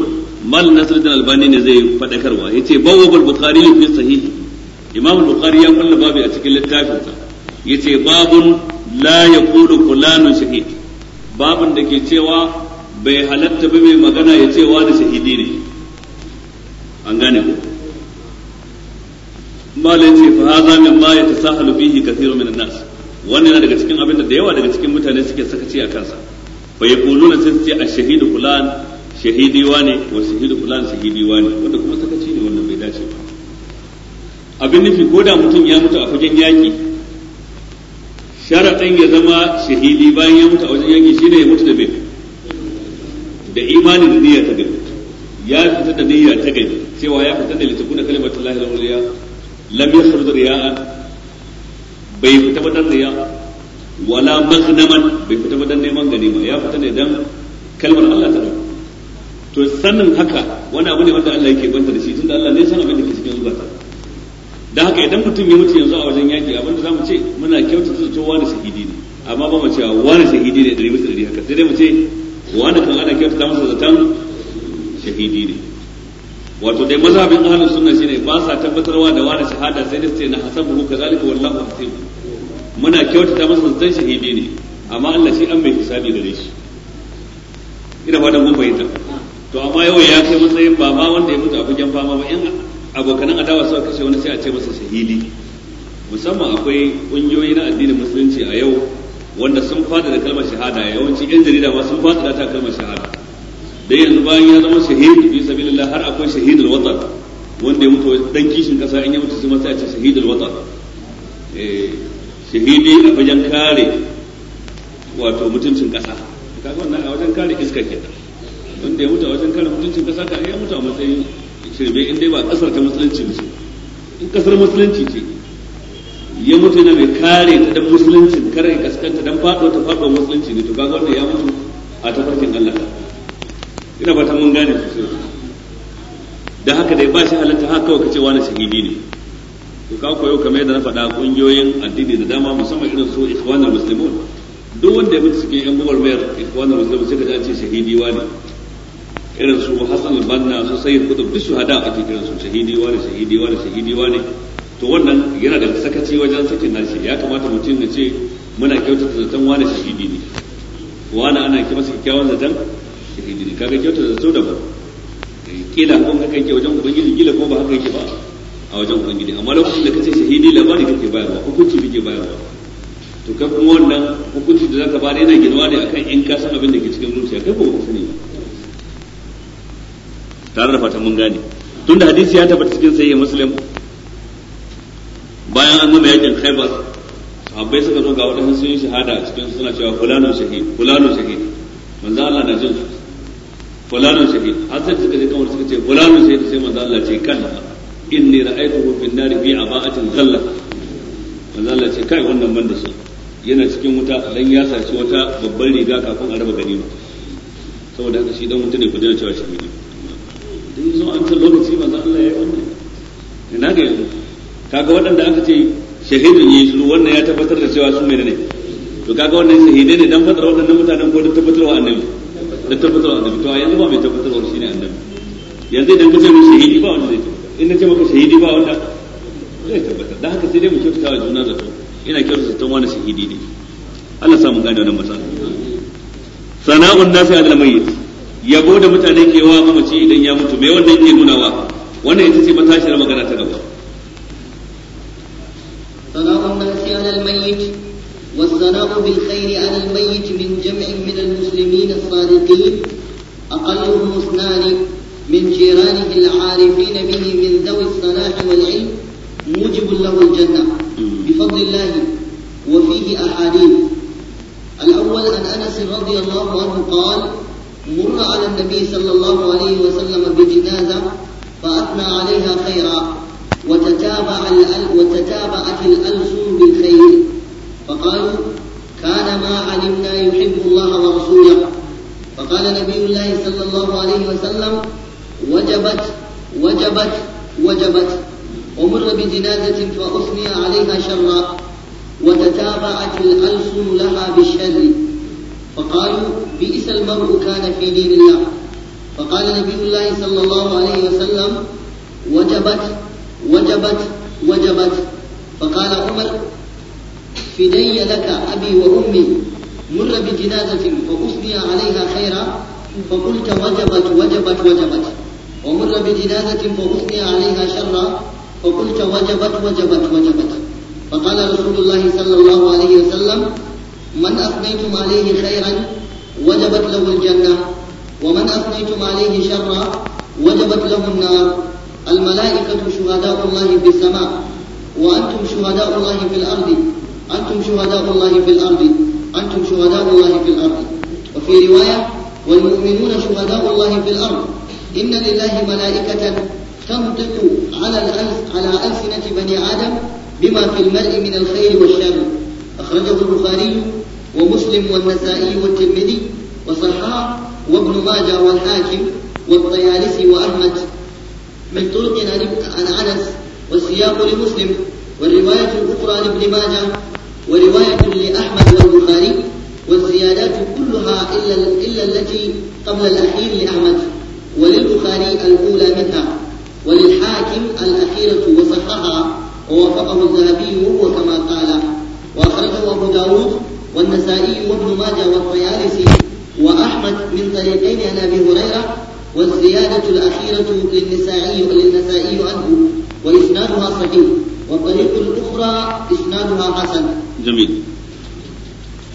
mal nasir albani ne zai fadakarwa ya ce bawwabul bukhari li fi sahihi imam bukhari ya kulla babu a cikin littafin ya ce babun la yaqulu fulanun shahid babun da ke cewa bai halatta ba mai magana ya cewa da shahidi ne an gane ku malai ce fa haza min ma yatasahalu fihi kathirun min nas wannan yana daga cikin abin da yawa daga cikin mutane suke sakaci a kansa fa yaquluna sai ce ash-shahidu fulan shahidi wane wa shahidu fulan shahidi wane wanda kuma sakaci ne wannan bai dace ba abin nufi ko da mutum ya mutu a fagen yaki sharaɗin ya zama shahidi bayan ya mutu a wajen yaki shine ya mutu da me da imanin da niyya ta gani ya fitar da niyya ta gani cewa ya fitar da litakuna kalimatullahi al-uliya lam yakhruj riya'an bai fita ba dan riya wala maghnaman bai fita ba dan neman ganima ya fita ne dan kalmar Allah ta dauka to sanin haka wani abu ne wanda Allah yake banta da shi tunda Allah ne san abin da ke cikin zuciyarsa dan haka idan mutum ya mutu yanzu a wajen yaki abin da zamu ce muna kyautata to wani shahidi ne amma ba mu ce wani shahidi ne dari da dari haka sai dai mu ce wani kan ana kyautata masa zaton shahidi ne wato dai mazhabin ahlus sunna shine ba sa tabbatarwa da wani shahada sai dai na hasabu kazalika wallahu hasib muna ta masa zan shahidi ne amma Allah shi an mai hisabi gare shi ina ba da mun bayyana to amma yau ya kai matsayin ba ma wanda ya mutu a bugen fama ba in abokanan adawa suka kashe wani sai a ce masa shahidi musamman akwai kungiyoyi na addinin musulunci a yau wanda sun fada da kalmar shahada yawanci yan jarida ma sun fada da ta kalmar shahada da yanzu bayan ya zama shahidu fi sabilillah har akwai shahidul watan wanda ya mutu dan kishin kasa in ya mutu sai mata a ce shahidul watan eh shahidi a wajen kare wato mutuncin kasa kaga wannan a wajen kare iska kenan wanda ya mutu a wajen kare mutuncin kasa ka ya mutu a matsayin shirme in dai ba kasar ta musulunci ce in kasar musulunci ce ya mutu na mai kare ta dan musulunci kare kaskanta dan fado ta fado musulunci ne to kaga wannan ya mutu a tafarkin Allah ina fatan mun gane sosai da haka dai ba shi halatta haka kawai kace wani shahidi ne to ka koyo kamar yadda na faɗa kungiyoyin addini da dama musamman irin su ikhwanul muslimun duk wanda ya mutu cikin yan gubar mayar ikhwanul muslimun sai ka ce shahidi wani irin su Hassan al-Banna su Sayyid Qutb duk shuhada ake kiran su shahidi wani shahidi wani shahidi wani to wannan yana da sakaci wajen sakin nashi ya kamata mutum ya ce muna kyautata zaton wani shahidi ne wani ana kima masa kyakkyawan zaton ubangiji ne kaga kyauta da so da ba eh, kila ko kake yake wajen ubangiji kila ko ba haka yake ba a wajen ubangiji amma lokacin da kace shahidi labari kake bayarwa hukunci kake bayarwa to kai kuma wannan hukunci da zaka bayar yana ginuwa ne akan in ka san abin da ke cikin zuciya kai ba kusa ne tare da fatan mun gane tunda hadisi ya tabbata cikin sahihi muslim bayan an gama yakin khaybar sahabbai suka zo ga wadannan sun yi shahada cikin suna cewa fulano shahid fulano shahid manzo Allah na jin su fulanun shahi har suka je kamar suka ce fulanun shahi sai manzo Allah ce kan inni ra'aytuhu bin nari bi aba'atin ghalla manzo Allah ce kai wannan ban da shi yana cikin wuta dan ya saci wata babbar riga kafin a raba ganima saboda haka shi dan wuta ne ku cewa shi ne dan yanzu an san lokaci manzo Allah ya yi wannan ina ga yanzu kaga waɗanda aka ce shahidun yi su wannan ya tabbatar da cewa su menene to kaga wannan shahidai ne dan fadar waɗannan mutanen ko don tabbatarwa annabi da tabbatar annabi to yanzu ba mai tabbatar shi ne annabi yanzu idan ka ce mai shahidi ba wanda zai tabbatar in na ce maka shahidi ba wanda zai tabbatar da haka sai dai mu kyauta wa juna zato ina kyauta zaton wani shahidi ne Allah samu gane wannan masala sana'un nasi alal mayyit yabo da mutane ke wa mamaci idan ya mutu me wannan yake nuna wa wannan ita ce matashiyar magana ta gaba sana'un nasi alal mayyit والثناء بالخير على الميت من جمع من المسلمين الصادقين أقلهم اثنان من جيرانه العارفين به من ذوي الصلاح والعلم موجب له الجنة بفضل الله وفيه أحاديث الأول عن أن أنس رضي الله عنه قال مر على النبي صلى الله عليه وسلم بجنازة فأثنى عليها خيرا وتتابع وتتابعت الألسن بالخير فقالوا كان ما علمنا يحب الله ورسوله فقال نبي الله صلى الله عليه وسلم وجبت وجبت وجبت ومر بجنازة فأثني عليها شرا وتتابعت الألسن لها بالشر فقالوا بئس المرء كان في دين الله فقال نبي الله صلى الله عليه وسلم وجبت وجبت وجبت فقال عمر فدي لك أبي وأمي مر بجنازة فأثني عليها خيرا فقلت وجبت وجبت وجبت ومر بجنازة فأثني عليها شرا فقلت وجبت وجبت وجبت فقال رسول الله صلى الله عليه وسلم من أثنيتم عليه خيرا وجبت له الجنة ومن أثنيتم عليه شرا وجبت له النار الملائكة شهداء الله في السماء وأنتم شهداء الله في الأرض أنتم شهداء الله في الأرض أنتم شهداء الله في الأرض وفي رواية والمؤمنون شهداء الله في الأرض إن لله ملائكة تنطق على الألس على ألسنة بني آدم بما في المرء من الخير والشر أخرجه البخاري ومسلم والنسائي والترمذي وصححه وابن ماجه والحاكم والطيالسي وأحمد من طرق عن أنس والسياق لمسلم والرواية الأخرى لابن ماجه ورواية لأحمد والبخاري والزيادات كلها إلا إلا التي قبل الأخير لأحمد وللبخاري الأولى منها وللحاكم الأخيرة وصححها ووافقه الذهبي وهو كما قال وأخرجه أبو داود والنسائي وابن ماجه والطيالسي وأحمد من طريقين عن أبي هريرة والزيادة الأخيرة للنسائي للنسائي عنه وإسنادها صحيح وطريق أخرى إسنادها حسن جميل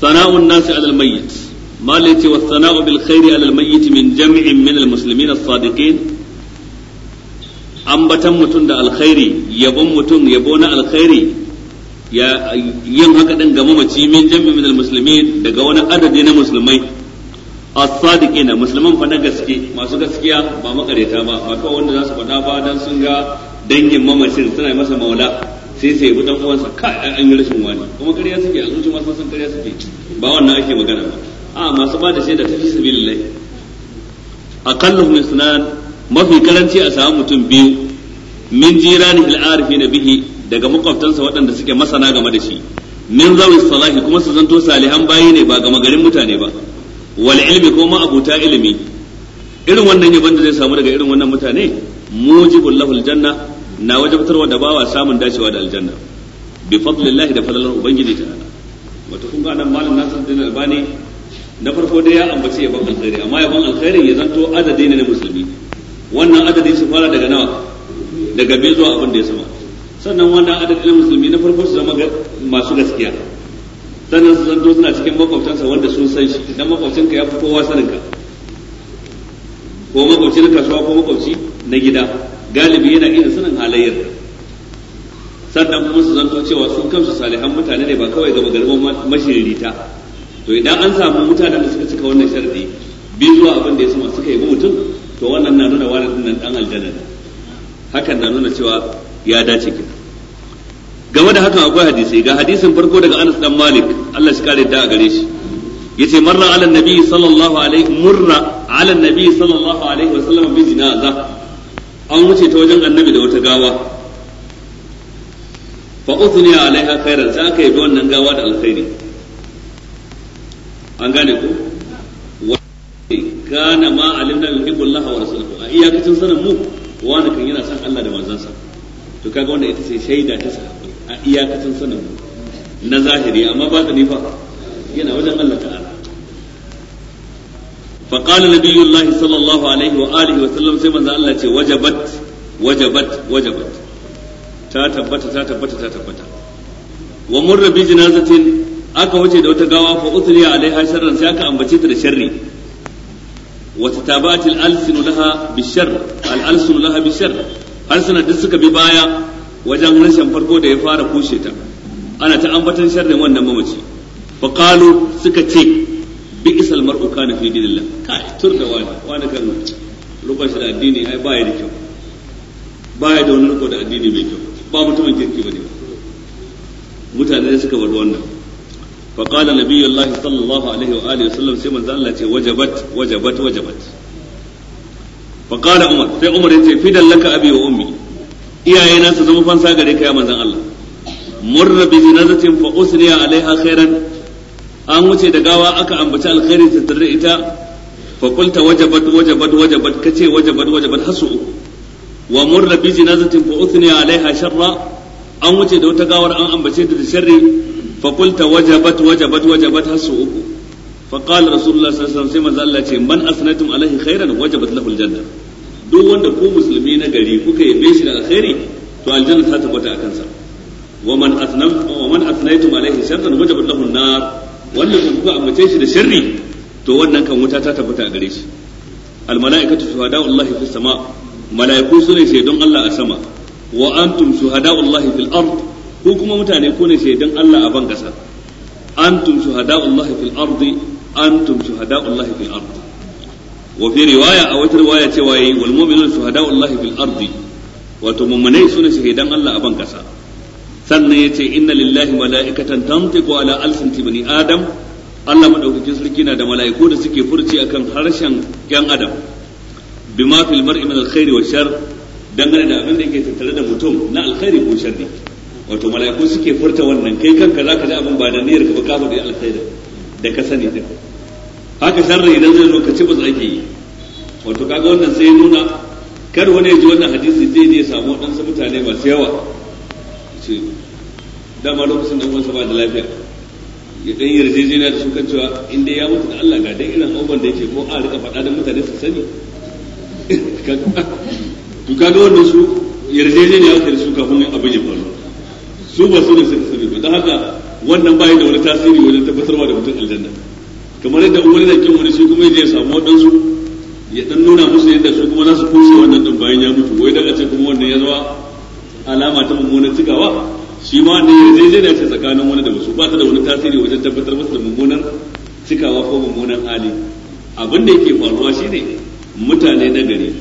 ثناء الناس على الميت ما التي والثناء بالخير على الميت من جمع من المسلمين الصادقين mutum da alkhairi yabon mutum yabo na alkhairi ya yin haka din ga mamaci min jami'in min almuslimin daga wani adadi na musulmai as-sadiqina musulman fa na gaske masu gaskiya ba makareta ba ba kawai wanda za su ba dan sun ga dangin mamacin suna masa maula sai sai bi dan uwansa kai an yi rashin wani kuma ƙarya suke a zuciya masu san ƙarya suke ba wannan ake magana ba a masu ba da shaida ta fi sabilillah aqalluhum isnan mafi karanci a samu mutum biyu min jirani al na bihi daga makwabtansa waɗanda suke masana game da shi min zawis salahi kuma su zanto salihan bayi ne ba ga magarin mutane ba wal ilmi kuma abuta ilimi irin wannan yabon da zai samu daga irin wannan mutane mujibul lahul janna na wajabtarwa da bawa samun dacewa da aljanna bi fadlillahi da fadlan ubangiji ta ala wato kun ga nan malam nasir din albani na farko dai ya ambace yaban alkhairi amma yaban alkhairi ya zanto adadi ne na musulmi wannan adadin su fara daga nawa daga bai zuwa abin da ya sama sannan wannan adadin na musulmi na farko su zama masu gaskiya sannan su zanto suna cikin makwabtansa wanda sun san shi dan makwabcinka ya fi kowa saninka ko makwabci na kasuwa ko makwabci na gida galibi yana iya sanin halayyar sannan kuma su zanto cewa su kansu salihan mutane ne ba kawai gaba garban mashiririta to idan an samu mutanen da suka cika wannan sharadi biyu zuwa abin da ya suma suka yi mutum to wannan na nuna wani dinnan dan aljanna hakan na nuna cewa ya dace ki game da haka akwai hadisi ga hadisin farko daga Anas dan Malik Allah shi kare da a gare shi yace marra ala nabi sallallahu alaihi murra ala nabi sallallahu alaihi wa sallam bi jinaza an wuce ta wajen annabi da wata gawa fa uthni alaiha khairan sai aka yabi wannan gawa da alkhairi an gane ku kana ma alimna yuhibbu Allah wa rasuluhu a iyakacin sanin mu wani kan yana son Allah da sa to kaga wanda ita ce shaida ta sa a iyakacin sanin mu na zahiri amma ba ta ne fa yana wajen Allah ta'ala fa qala nabiyullahi sallallahu alaihi wa alihi wa sallam sai manzo Allah ce wajabat wajabat wajabat ta tabbata ta tabbata ta tabbata wa murra bi janazatin aka wuce da wata gawa fa utli alaiha sharran sai aka ambace ta da sharri wa tatabatil alsinu laha bi sharr al alsinu laha bi sharr harsuna suka bi baya wajen rashin farko da ya fara kushe ta ana ta ambatan sharrin wannan mamaci suka ce bi isal mar'u kana fi dinillah kai tur da wani wani kan ruba shi da addini ai baya da kyau baya da wani rubo da addini mai kyau ba mutumin kirki bane mutane suka bar wannan fa qala nabiyullahi sallallahu alaihi wa alihi wasallam sai manzo Allah ce wajabat wajabat wajabat fa qala umar sai umar yace fidan laka abi wa ummi na su zama fansa gare ka ya manzon Allah murra bi jinazatin fa usniya alaiha khairan an wuce da gawa aka ambaci alkhairi tattare ita fa qulta wajabat wajabat wajabat kace wajabat wajabat hasu uku wa murra bi jinazatin fa uthni alaiha sharra an wuce da wata gawar an ambace ta da sharri fa qulta wajabat wajabat wajabat hasu uku fa qala rasulullah sallallahu alaihi wasallam sai manzo Allah ce man asnatum alaihi khairan wajabat lahu aljanna duk wanda ko musulmi na gari kuka yabe shi da alkhairi to aljanna ta tabbata akan sa wa man asnam wa man asnaytum alaihi sharran wajabat lahu an-nar wannan ko kuka ambace shi da sharri to wannan kan wuta ta tabbata a gare shi al malaikatu shuhada wallahi fis sama malaiku sune shaidon Allah a sama wa antum shuhada wallahi fil ard ko kuma mutane ko ne shaidon Allah a ban kasa antum shuhada wallahi fil ard antum shuhada wallahi fil ard wa fi riwaya a wata riwaya cewa yayi wal mu'minun shuhada wallahi fil ard wato mummunai sune shaidan Allah a ban kasa sannan ya ce inna lillahi malaikatan tantiqu ala alsinti bani adam Allah madaukakin sarki na da mala'iku da suke furci akan harshen yan adam bima fil mar'i min alkhairi wa shar dangane da abin da yake tattare da mutum na alkhairi ko sharri wato mala'iku suke furta wannan kai kanka zaka ji abin ba da niyyar ka ba ka faɗi alkhairi da ka sani din haka sharri idan zai zo ka ci bas ake yi wato kaga wannan sai nuna kar wani ya ji wannan hadisi zai je ya samu waɗansu mutane masu yawa dama lokacin nan wasu ba da lafiya ya dan yarjejeniya da su kan cewa in dai ya mutu da Allah ga dai irin abubuwan da yake ko a rika faɗa da mutane su sani to kaga wannan su yarjejeniya da su kafin abin ya faru su ba su ne suka sani ba don haka wannan bayi da wani tasiri wajen tabbatarwa da mutum aljanna kamar yadda wani da kin wani shi kuma ya je ya samu waɗansu ya dan nuna musu yadda su kuma za su kushe wannan din bayan ya mutu wai daga ce kuma wannan ya zama alama ta mummunan cikawa shi ma ne zai ce tsakanin wani da wasu ba ta da wani tasiri wajen tabbatar masa da mummunan cikawa ko mummunan hali abin da yake faruwa ne mutane na gari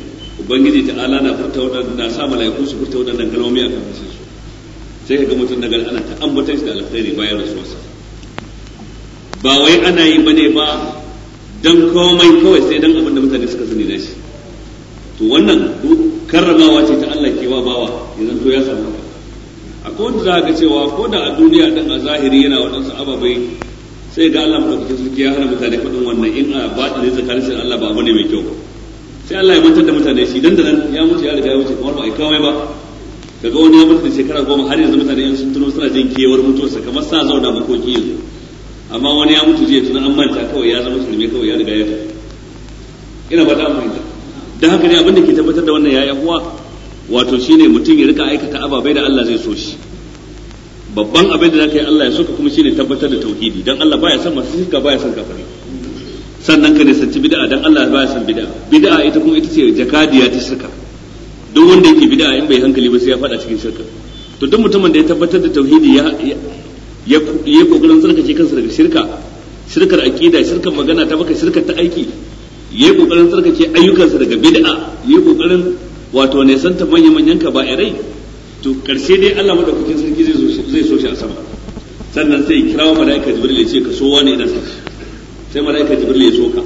ubangiji ta ala na furta wadannan na sa mala'iku su furta wadannan kalmomi a kan su sai ga mutum na gari ana ta ambatan shi da alkhairi bayan rasuwarsa ba wai ana yi bane ba dan komai kawai sai dan abin da mutane suka sani na shi to wannan karramawa ce ta Allah ke wa bawa idan to ya samu akwai wanda za ka cewa ko da a duniya din a zahiri yana waɗansu ababai sai ga Allah mutum sarki ya hana mutane faɗin wannan in a ne tsakanin sai Allah ba bane mai kyau sai Allah ya mutar da mutane shi dan da nan ya mutu ya riga ya wuce kamar ba a kawai ba ga wani ya mutu da shekara goma har yanzu mutane in sun tuno suna jin kewar mutuwarsa kamar sa zauna makoki yanzu amma wani ya mutu jiya tunan an manta kawai ya zama musulmi kawai ya riga ya ta ina ba ta amfani da haka ne abin da ke tabbatar da wannan ya yahuwa wato shine mutum ya rika aikata ababai da Allah zai so shi babban abin da zaka yi Allah ya so ka kuma shine tabbatar da tauhidi dan Allah baya son masu shirka baya son kafiri sannan ka nisanci bid'a dan Allah baya son bid'a bid'a ita kuma ita ce jakadiya ta shirka duk wanda yake bid'a in bai hankali ba sai ya fada cikin shirka to duk mutumin da ya tabbatar da tauhidi ya ya ya kokarin tsarkake kansa daga shirka shirkar aqida shirkar magana ta baka shirkar ta aiki yayi kokarin tsarkake ayyukansa daga bid'a yayi kokarin wato ne santa manyan manyan irai to karshe dai Allah madaukakin sarki zai so zai so shi a sama sannan sai kirawo malaika jibril ya ce ka so wani idan sai malaika jibril ya so ka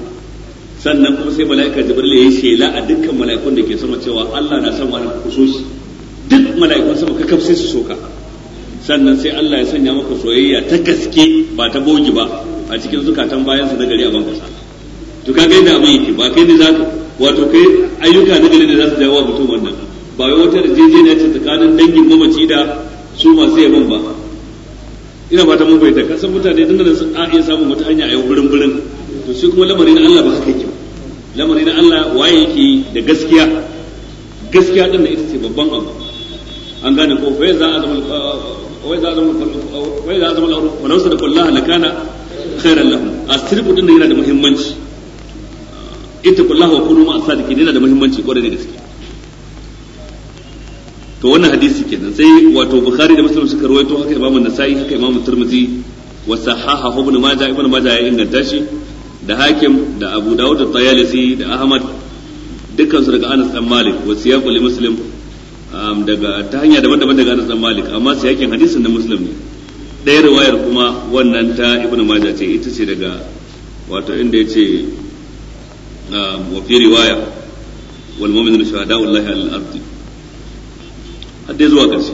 sannan kuma sai malaika jibril ya shela a dukkan malaikun da ke sama cewa Allah na son wani ku so shi duk malaikun sama ka kafsai su so ka sannan sai Allah ya sanya maka soyayya ta gaske ba ta bogi ba a cikin zukatan bayansa na gari a bankasa to kaga yadda abin yake ba kai ne zaka wato kai ayyuka na gari ne za su jawo wa mutum wannan ba wai wata yarjejeniya ce tsakanin dangin mamaci da su masu yaban ba ina fata mun bai ka san mutane dan nan a iya samun wata hanya a yau burin burin to shi kuma lamarin Allah ba haka yake lamarin Allah waye yake da gaskiya gaskiya din ita ce babban abu an gane ko fa za a zama wai za a zama wai za a zama walau kullaha lakana khairan lahum asirbu din yana da muhimmanci ittaqullaha wa kunu ma'as sadiqin yana da muhimmanci kwarai da gaske to wannan hadisi kenan sai wato bukhari da muslim suka rawaito haka imamu nasa'i haka imamu tirmidhi wa sahaha ibn majah ibn majah ya inganta shi da hakim da abu daud da tayalisi da ahmad dukkan su daga anas dan malik wa siyaqul muslim daga ta hanya daban-daban daga anas dan malik amma siyakin hadisin na muslim ne ɗaya riwayar kuma wannan ta ibn majah ce ita ce daga wato inda yace نعم، وفي رواية من شهداء الله على الأرض حتى يزوى كرسي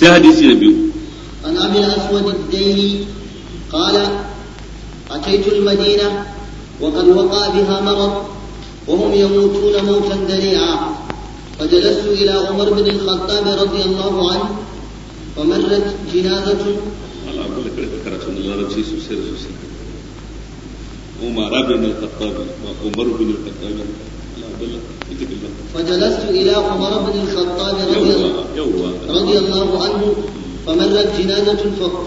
سيحديث نبي عن أبي الأسود الديني قال أتيت المدينة وقد وقع بها مرض وهم يموتون موتا ذريعا فجلست إلى عمر بن الخطاب رضي الله عنه ومرت جنازة عمر بن الخطاب وعمر بن الخطاب فجلست إلى عمر بن الخطاب رضي, رضي الله عنه فمرت جنازة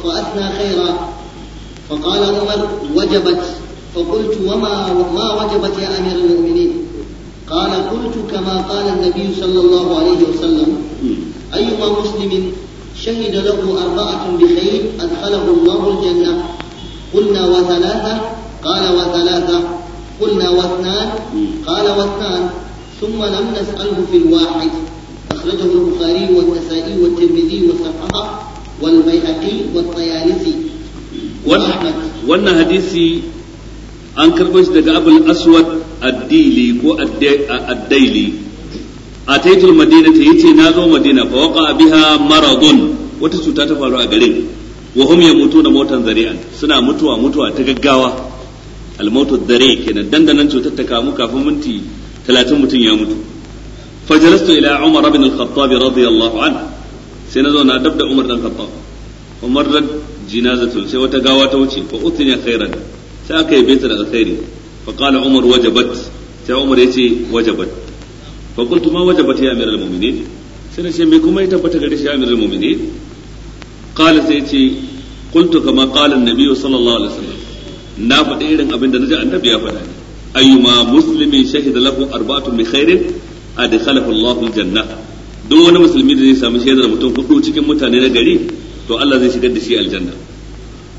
فأثنى خيرا فقال عمر وجبت فقلت وما ما وجبت يا أمير المؤمنين قال قلت كما قال النبي صلى الله عليه وسلم أيما مسلم شهد له أربعة بخير أدخله الله الجنة قلنا وثلاثة قال وثلاثة قلنا واثنان قال واثنان ثم لم نسأله في الواحد أخرجه البخاري والنسائي والترمذي وصححه والبيهقي والطيالسي وأحمد وأن حديثي an karɓo shi daga abul aswad addili ko addaili a taitul madina ta yace na zo madina fa waqa biha maradun wata cuta ta faru a garin wa hum na motan zari'an suna mutuwa mutuwa ta gaggawa almautu dare kenan dandanan cutar ta kamu kafin minti talatin mutum ya mutu fajalastu ila umar ibn al-khattab radiyallahu anhu sai na zauna dab da umar dan khattab umar da jinazatun sai wata gawa ta wuce fa utinya khairan sai aka yi baita da alkhairi fa umar wajabat sai umar yace wajabat fa qultu wajabat ya amiral mu'minin sai na kuma ya tabbata ya nabi sallallahu alaihi na faɗi irin abin da na ji annabi ya faɗa ne ayyuma muslimin shahida lahu arba'atun min khairin adkhalahu Allahu aljanna duk wani musulmi da zai samu shaidar mutum hudu cikin mutane na gari to Allah zai shigar da shi aljanna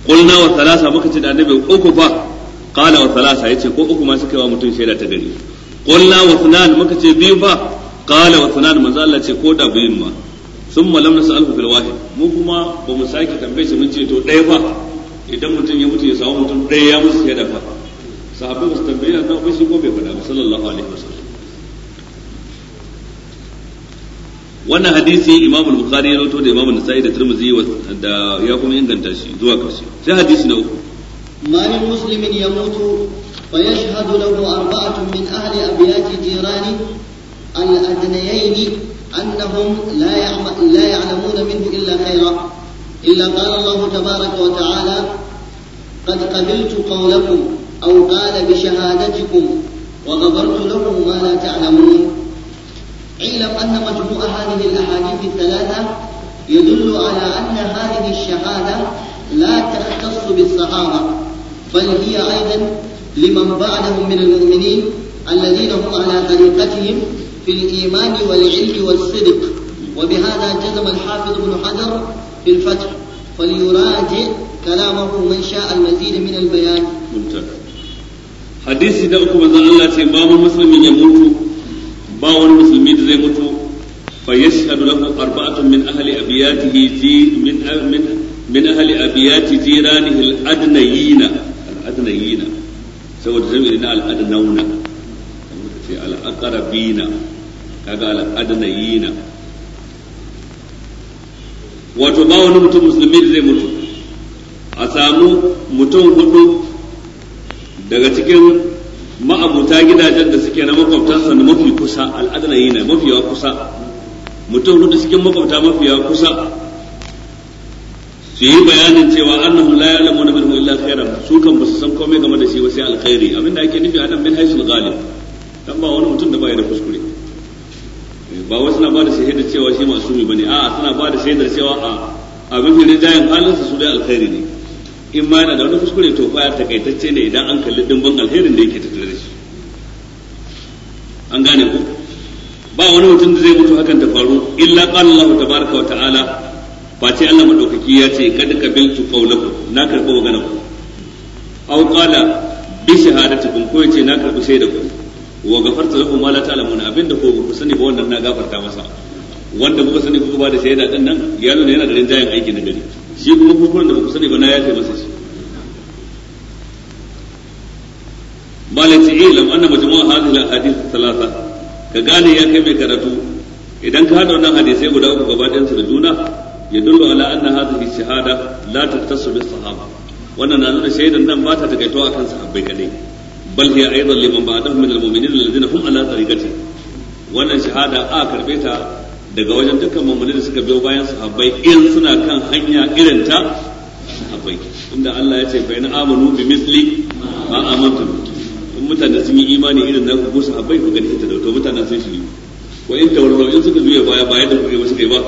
qulna wa thalatha muka ce da annabi uku fa qala wa thalatha yace ko uku ma suka yi wa mutum shaida ta gari qulna wa thnan muka ce biyu fa qala wa thnan manzo Allah ce ko da biyun ma summa lam nasalhu fil wahid mu kuma ba mu sake tambaye shi mun ce to ɗaya ba. idan mutum ya mutu ya samu mutum ɗaya ya musu shaida fa sahabbai ba su tambaye na ba shi ko bai faɗa ba sallallahu alaihi wasallam wannan hadisi imam al-bukhari ya rawaito da imam an-nasa'i da tirmidhi da ya kuma inganta shi zuwa karshe sai hadisi na uku man muslimin yamutu fa yashhadu lahu arba'atun min ahli abiyati jirani al-adnayayn annahum la la ya'lamuna minhu illa khayra إلا قال الله تبارك وتعالى قد قبلت قولكم أو قال بشهادتكم وغفرت لكم ما لا تعلمون اعلم أن مجموع هذه الأحاديث الثلاثة يدل على أن هذه الشهادة لا تختص بالصحابة بل هي أيضا لمن بعدهم من المؤمنين الذين هم على طريقتهم في الإيمان والعلم والصدق وبهذا جزم الحافظ ابن حجر بالفتح فليراجع كلامه من شاء المزيد من البيان منتهى hadisi da uku manzon Allah ce babu musulmin ya mutu ba wani musulmi da zai mutu fa yashhadu lahu arba'atun min ahli abiyatihi ji min min min ahli abiyati jiranihi al-adnayina al na kaga al wato ba wani mutum musulmi da zai mutu a samu mutum hudu daga cikin ma'abuta gidajen da suke na makwabtansa na mafi kusa al'adana yi na mafiya kusa mutum hudu cikin makwabta mafiya kusa su yi bayanin cewa annahum la na minhu illa khairan su kan basu san komai game da shi ba sai alkhairi abinda ake nufi anan min haisul ghalib dan ba wani mutum da bai da kuskure ba wasu na ba da shaidar cewa shi masu masumi bane a suna ba da shaidar cewa a abin da rijayen halinsa su dai alkhairi ne in ma yana da wani kuskure to fa takaitacce ne idan an kalli dimbin alherin da yake tattare da shi an gane ku ba wani mutum da zai mutu hakan ta faru illa qala Allah tabaraka wa ta'ala ba ce Allah madaukaki ya ce kad biltu qawlakum na karbi maganar ku aw qala bi shahadatikum ko ce na karbi ku wa gafarta zuku ma la ta'lamuna abinda ko ku sani ba wannan na gafarta masa wanda kuka sani kuka ba da shaida din nan ya nuna yana da rinjayen aiki na gari shi kuma kukurin da ku sani ba na ya ce masa shi malati ilam anna majmu'a hadhihi al hadith thalatha ka gane ya kai mai karatu idan ka hada wannan hadisi guda uku gaba ɗayan su da juna ya dulla ala anna hadhihi shahada la tattasu bis sahaba wannan na nuna shaidan nan ba ta takaito akan sahabbai kadai bal hiya aidan liman ba'dahum min almu'minin alladhina hum ala tariqati wannan shahada a karbe ta daga wajen dukkan mu'minin da suka biyo bayan sahabbai in suna kan hanya irin ta sahabbai inda Allah ya ce fa in amanu bi misli ma amantu in mutane sun yi imani irin na ku sahabbai ku gani ta dauto mutanen sun shi ko in tawarraw in suka juya baya baya da kuke wasu ke ba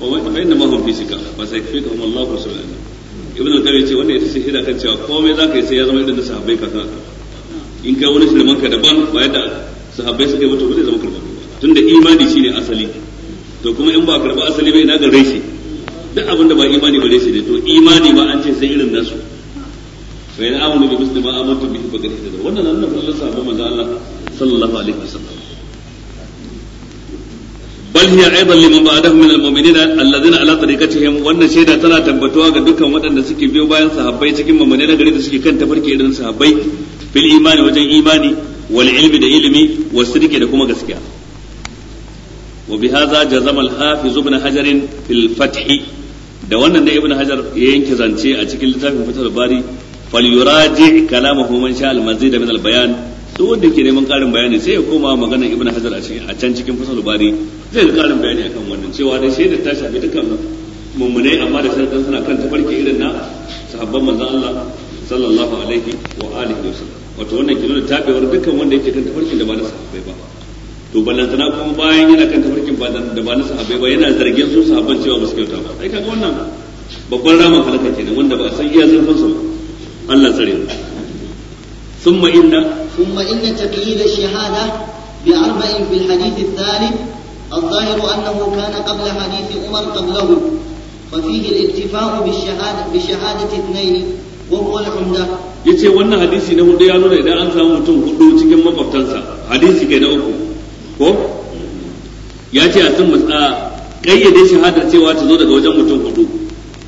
ko ma inna ma hum fisika ba sai fi kuma Allah subhanahu ibn al-qayyim ce wannan ita ce hira kan cewa komai zaka yi sai ya zama irin na sahabbai kaza in ka wani shirman ka daban ba yadda sahabbai suka yi mutu ba zai zama karɓar tun da imani shine asali to kuma in ba karɓa asali ba ina ga reshe duk abin da ba imani ba reshe ne to imani ba an ce sai irin nasu fa in amanu bi muslima amantu bihi ba gari da wannan nan nan Allah sabon manzo Allah sallallahu alaihi wasallam bal hiya aidan liman ba'dahum min almu'minina alladhina ala tariqatihim wannan shaida tana tabbatuwa ga dukkan waɗanda suke biyo bayan sahabbai cikin mamane na gari da suke kan tafarki irin sahabbai fil imani wajen imani wal ilmi da ilimi wa rike da kuma gaskiya wa bi hadha jazama al hafiz ibn hajar fil fath da wannan da ibn hajar ya yanke zance a cikin littafin fatul bari fal yuraji kalamahu man sha al mazid min al bayan duk wanda ke neman karin bayani sai ya koma maganar ibn hajar a can cikin bari zai ga karin bayani akan wannan cewa dai sai da ta shafi dukkan mummunai amma da sharaɗin suna kan tafarki irin na sahabban manzon Allah sallallahu alaihi wa alihi wato wannan ke nuna tabewar dukkan wanda yake kan tafarkin da ba na sahabbai ba to ballantana kuma bayan yana kan tafarkin ba da ba na sahabbai ba yana zargin su sahabban cewa ba su kyauta ba sai kaga wannan babban ramin halaka kenan wanda ba a san iya zurfin su Allah tsare mu ثم إن ثم إن bi الشهادة بأربع في الحديث الثالث الظاهر أنه كان قبل حديث عمر قبله ففيه الاكتفاء بالشهادة بشهادة اثنين wa huwa al-humda yace wannan hadisi na hudu ya nuna idan an samu mutum hudu cikin makwabtansa hadisi kai na uku ko ya ce a sun matsa kayyade shahadar cewa ta zo daga wajen mutum hudu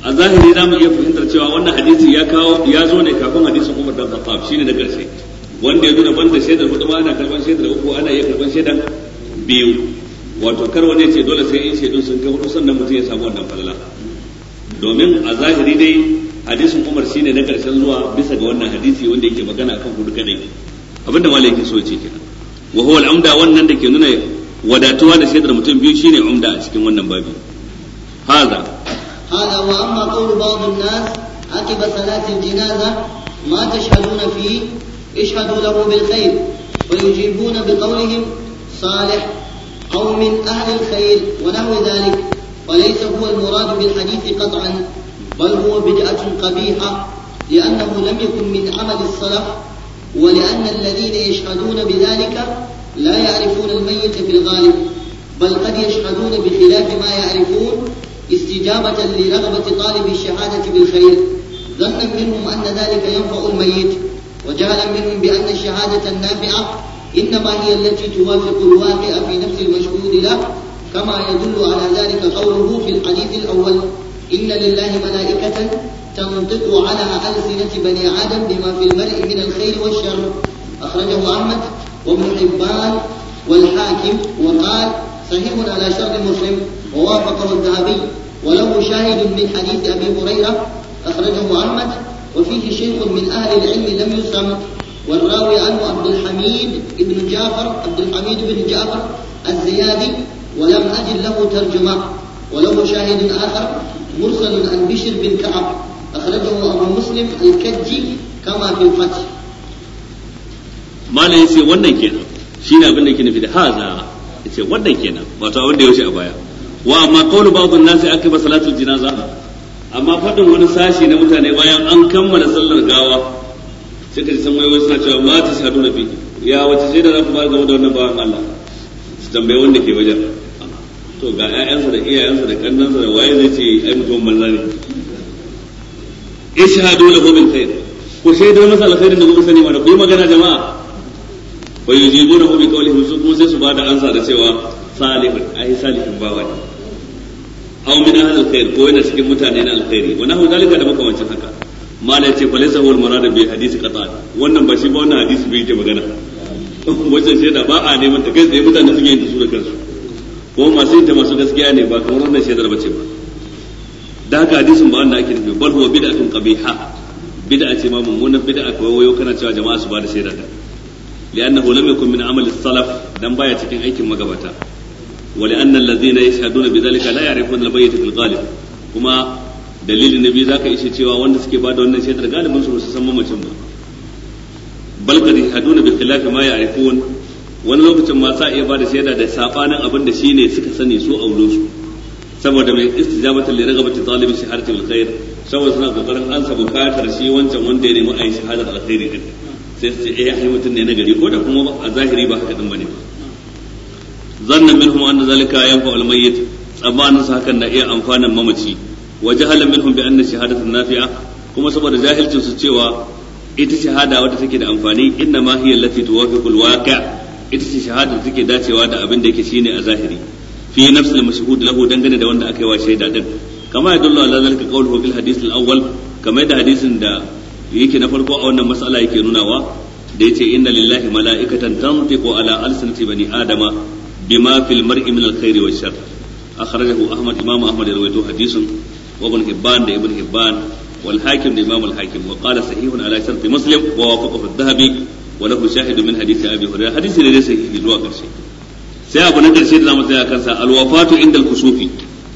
a zahiri za mu iya fahimtar cewa wannan hadisi ya kawo ya zo ne kafin hadisin Umar dan Khattab shine da karshe wanda ya nuna banda shaidar hudu ma ana karban shaidar uku ana iya karban shaidar biyu wato kar wani ya ce dole sai in shaidun sun kai hudu sannan mutum ya samu wannan falala domin a zahiri dai hadisin Umar shine na karshen zuwa bisa ga wannan hadisi wanda yake magana kan hudu kadai abinda malai yake so ce kenan wa huwa al-umda wannan da ke nuna wadatuwa da shaidar mutum biyu shine umda a cikin wannan babi hada hada wa amma qawlu ba'd an-nas akiba salati al-janaza ma tashhaduna fi ishhadu lahu bil khair wa yujibuna bi qawlihim salih aw min ahli al-khair wa nahwi dhalik وليس هو المراد بالحديث قطعا بل هو بدعة قبيحة لأنه لم يكن من عمل الصلاح ولأن الذين يشهدون بذلك لا يعرفون الميت في الغالب بل قد يشهدون بخلاف ما يعرفون استجابة لرغبة طالب الشهادة بالخير ظنا منهم أن ذلك ينفع الميت وجهلا منهم بأن الشهادة النافعة إنما هي التي توافق الواقع في نفس المشهود له كما يدل على ذلك قوله في الحديث الأول إن لله ملائكة تنطق على ألسنة بني آدم بما في المرء من الخير والشر أخرجه أحمد وابن حبان والحاكم وقال صحيح على شر مسلم ووافقه الذهبي وله شاهد من حديث أبي هريرة أخرجه أحمد وفيه شيخ من أهل العلم لم يسم والراوي عنه عبد الحميد بن جعفر عبد الحميد بن جعفر الزيادي ولم أجد له ترجمة وله شاهد آخر مرسل عن بشر بن كعب أخرجه أبو مسلم الكجي كما في الفتح ما لا يسي ونن كينا abin da كينا في da يسي ونن كينا kenan wato abin أبايا ya قول بعض الناس wa صلاة الجنازة amma fadin wani sashi na mutane bayan an kammala sallar gawa sai ka ji san wai suna cewa ma ta na nabi ya wace sai da za ku ba game da wannan bawan Allah su tambaye wanda ke wajen to ga ƴaƴansa da iyayensa da kannansa da waye zai ce ai mutum manza ne ishhadu lahu bil khair sai da masa alkhairin da kuka sani mana ku yi magana jama'a fa ko bi qawlihim su kuma sai su bada ansa da cewa salihun ai salihin ba wani. aw min ahli alkhair ko yana cikin mutane na alkhairi wa nahu dalika da makamancin haka mala ce fa laysa huwal murad bi hadisi qata wannan ba shi ba wannan hadisi bai yake magana wajen shaida ba a neman ta kai tsaye mutane suke yin da su da kansu ko masu yin ta masu gaskiya ne ba kamar wannan shaidar bace ba da haka hadisin ba wanda ake nufi bal huwa bid'atun qabiha bid'a ce ma mummunan bid'a ko wayo kana cewa jama'a su ba da shaidar da li'annahu lam yakun min amali salaf dan baya cikin aikin magabata wa li'anna alladhina yashhaduna bidhalika la ya'rifuna al-bayt fil ghalib kuma dalilin nabi zaka ishe cewa wanda suke bada wannan shaidar galibin su su san mamacin ba bal kad yashhaduna bi khilafi ma ya'rifun wani lokacin ma sa iya ba da shaida da sabanin abin da shine suka sani su aure su saboda mai istijabata li ragabati talibi shahadati bil khair saboda suna kokarin ansa bukatar shi wancan wanda ya nemi ayi shahadar alkhairi din sai su ce eh ai mutum ne na gari ko da kuma a zahiri ba haka din bane ba zannan minhum anna zalika yanfa al mayyit tsammanin su hakan na iya amfanan mamaci wa jahalan minhum bi anna shahadatan nafi'a kuma saboda jahilcin su cewa ita shahada wadda take da amfani inna ma hiya allati tuwafiqu al waqi' ita ce shahadar take dacewa da abin da yake shine a zahiri fi nafsil mashhud lahu dangane da wanda aka yi wa shaida din kama ya dullu ala zalika qawluhu fil hadith al awwal kama da hadisin da yake na farko a wannan mas'ala yake nunawa da yace inna lillahi mala'ikatan tantiqu ala alsanati bani adama bima fil mar'i min al khairi wash shar akhrajahu ahmad imam ahmad rawaito hadisin wa ibn hibban da ibn hibban wal hakim da imam al hakim wa qala sahihun ala shart muslim wa wafaqahu wa lahu shahidu min hadisi abi hurairah hadisi da dai sahihi zuwa karshe sai abu na karshe da zamu tsaya kansa alwafatu inda alkusufi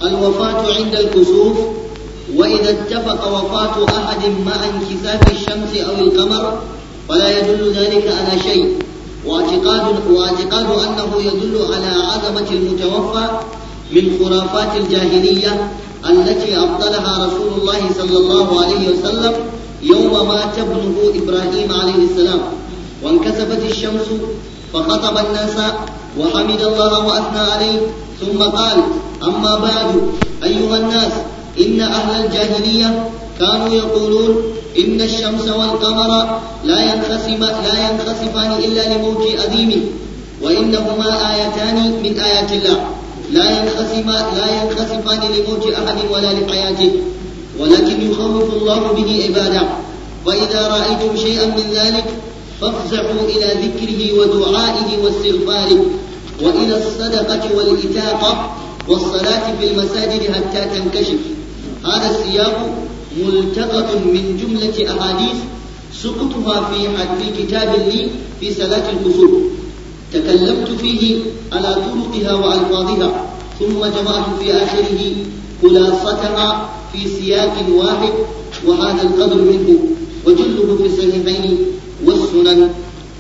alwafatu inda alkusuf wa idza ittafaqa wafatu ahadin ma inkisafi ash-shamsi aw al fala yadullu ala shay واعتقاد واعتقاد انه يدل على عظمه المتوفى من خرافات الجاهليه التي ابطلها رسول الله صلى الله عليه وسلم يوم مات ابنه ابراهيم عليه السلام وانكسفت الشمس فخطب الناس وحمد الله وأثنى عليه ثم قال أما بعد أيها الناس إن أهل الجاهلية كانوا يقولون إن الشمس والقمر لا ينخسما لا ينخسفان إلا لموت أديم وإنهما آيتان من آيات الله لا ينخسما لا ينخسفان لموت أحد ولا لحياته ولكن يخوف الله به عباده فإذا رأيتم شيئا من ذلك فافزعوا إلى ذكره ودعائه واستغفاره وإلى الصدقة والإتاقة والصلاة في المساجد حتى تنكشف هذا السياق ملتقط من جملة أحاديث سقطها في حد كتاب لي في صلاة الكسوف تكلمت فيه على طرقها وألفاظها ثم جمعت في آخره خلاصتها في سياق واحد وهذا القدر منه وجله في الصحيحين والسنن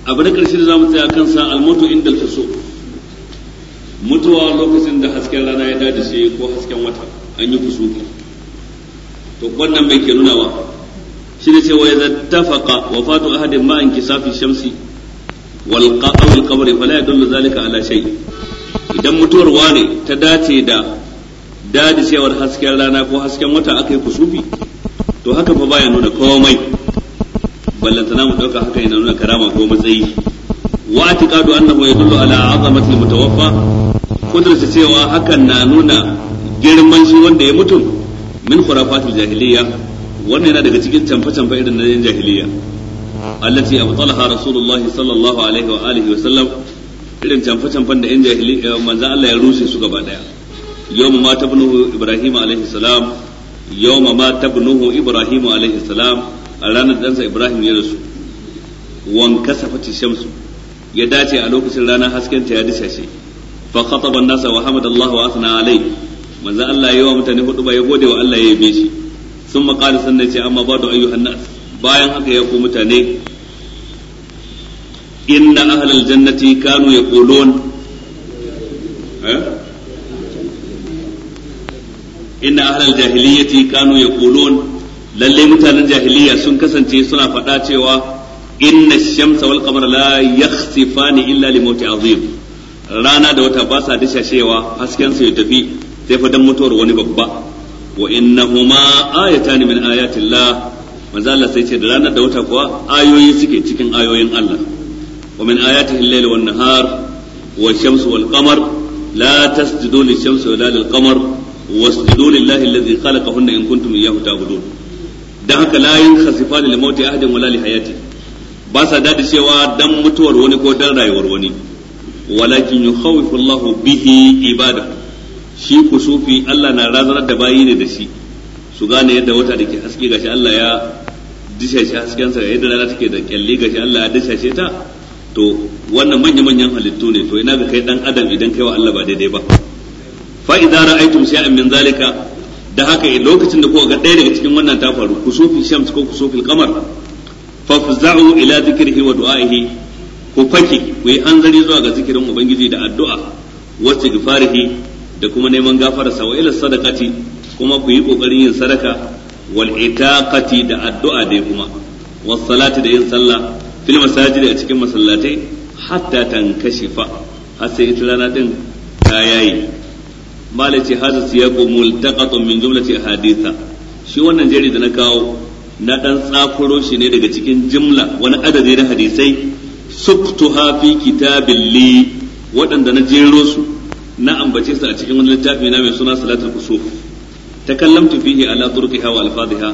abu na karshe da za mu tsaya kansa almutu inda alfusu mutuwa lokacin da hasken rana ya dade sai ko hasken wata an yi kusufi to wannan bai ke nunawa shi ne cewa idza tafaqa wafatu ahadin ma inkisafi shamsi wal qa'aw al qamari fala yadullu zalika ala shay idan mutuwar wane ta dace da dadisewar hasken rana ko hasken wata aka yi kusufi to haka fa baya nuna komai ballantana mu dauka haka yana nuna karama ko matsayi wa atiqadu annahu yadullu ala azamati mutawaffa kudurta cewa hakan na nuna girman shi wanda ya mutu min khurafatil jahiliya wannan yana daga cikin canfa-canfa irin na yan jahiliya allati abtalaha rasulullahi sallallahu alaihi wa alihi wa sallam irin canfa-canfan da yan jahiliya manzo Allah ya rushe su gaba daya yawma ma tabnuhu ibrahim alaihi salam yawma ma tabnuhu ibrahim alaihi salam a ranar ɗansa ibrahim ya rasu wanka safati shamsu ya dace a lokacin rana hasken ta ya shi fa khataba nasa wa hamadallahi wa asna alai manzo Allah yayi wa mutane hudu ba ya gode wa Allah ya yabe shi sun maƙali sannan ce amma ba da ayyuhan nas bayan haka ya ku mutane inna ahlal jannati kanu yaqulun eh? inna ahlal jahiliyyati kanu yaqulun lalle mutanen jahiliya sun kasance suna faɗa cewa inna shamsa wal qamara la yakhsifani illa li mawti azim rana da wata ba sa dishashewa hasken su ya tafi sai fa dan mutuwar wani babba wa innahuma ayatan min ayati Allah manzo Allah sai ce da rana da wata kuwa ayoyi suke cikin ayoyin Allah wa min ayatihi al-layl wan nahar wa shamsu wal qamar la tasjudu lish-shamsi wa la lil-qamar wasjudu lillahi alladhi khalaqahunna in kuntum iyyahu ta'budun dan haka la yin khasifan lil mauti ahadan wala li hayati ba sa dadi cewa dan mutuwar wani ko dan rayuwar wani walakin yukhawifu Allah bihi ibada shi kusufi Allah na razanar da bayi ne da shi su gane yadda wata dake ke haske gashi Allah ya dishe shi sa yadda rana take da kyalle gashi Allah ya dishe shi ta to wannan manya manyan halittu ne to ina ga kai dan adam idan kai wa Allah ba daidai ba fa idza ra'aytum shay'an min zalika da haka eh, lokacin da kuka ga ɗaya daga cikin wannan ta faru kusufin shams ko ku kusufin kamar fafza'u ila zikrihi wa du'a'ihi ku fake ku yi hanzari zuwa ga zikirin ubangiji da addu'a wa istighfarihi da kuma neman gafararsa wa ila sadaqati kuma ku yi kokarin yin sadaka wal itaqati da addu'a dai kuma was salati da yin sallah fil masajid a cikin masallatai hatta tankashifa har sai ita rana din ta yayi malaci haza hadha siyaqu multaqatun min jumlati hadisa shi wannan jeri da na kawo na dan tsakuro shi ne daga cikin jumla wani adadi na hadisai suktu hafi kitabin li waɗanda na jero su na ambace su a cikin wani littafi na mai suna salatul kusuf takallamtu fihi ala turqiha wa alfadhiha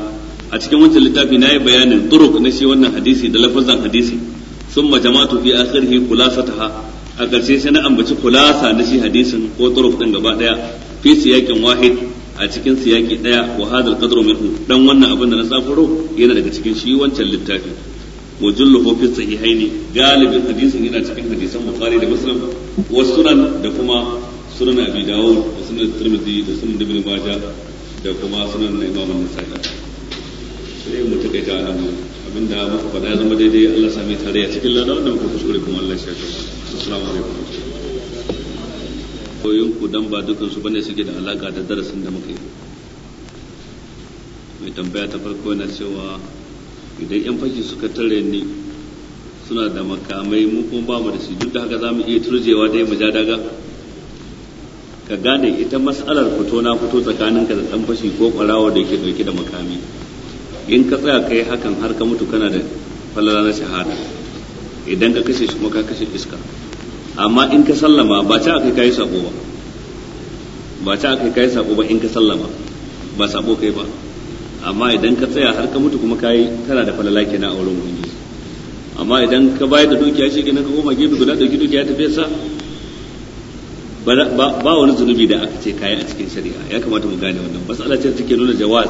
a cikin wancan littafi na yi bayanin turuk na shi wannan hadisi da lafazan hadisi sun majamatu fi akhirhi kulasataha a ƙarshe sai na ambaci kulasa na shi hadisin ko turuf din gaba ɗaya. fi siyakin wahid a cikin siyaki ɗaya wa hadal qadru minhu dan wannan abin da na tsafuro yana daga cikin shi wancan littafi wa julluhu fi sahihaini galibin hadisin yana cikin hadisan bukhari da muslim wa sunan da kuma sunan abi dawud da sunan tirmidhi da sunan ibn majah da kuma sunan imam an-nasa'i sai mu takaita nan abinda muka faɗa ya zama daidai Allah sami tare a cikin lada wanda muka kuskure kuma Allah ya shafe assalamu alaikum koyon ku dan ba dukkan su bane suke da alaka da darasin da muka yi mai tambaya ta farko yana cewa idan yan fashi suka tare ni suna da makamai mu kuma ba mu da shi duk da haka za mu iya turjewa dai mu ja daga ka gane ita mas'alar fito na fito tsakaninka da ɗan fashi ko kwarawa da yake ɗauke da makami in ka tsaya kai hakan har ka mutu kana da falala na shahada idan ka kashe shi kuma ka kashe iska amma in ka sallama ba ta aka kai sako ba ba ta aka kai sako ba in ka sallama ba sako kai ba amma idan ka tsaya har ka mutu kuma kai kana da falala kenan a wurin ubangiji amma idan ka bayar da dukiya shi kenan ka koma gefe guda dauki dukiya ta fesa ba wani zunubi da aka ce kayi a cikin shari'a ya kamata mu gane wannan ala ce take nuna jawaz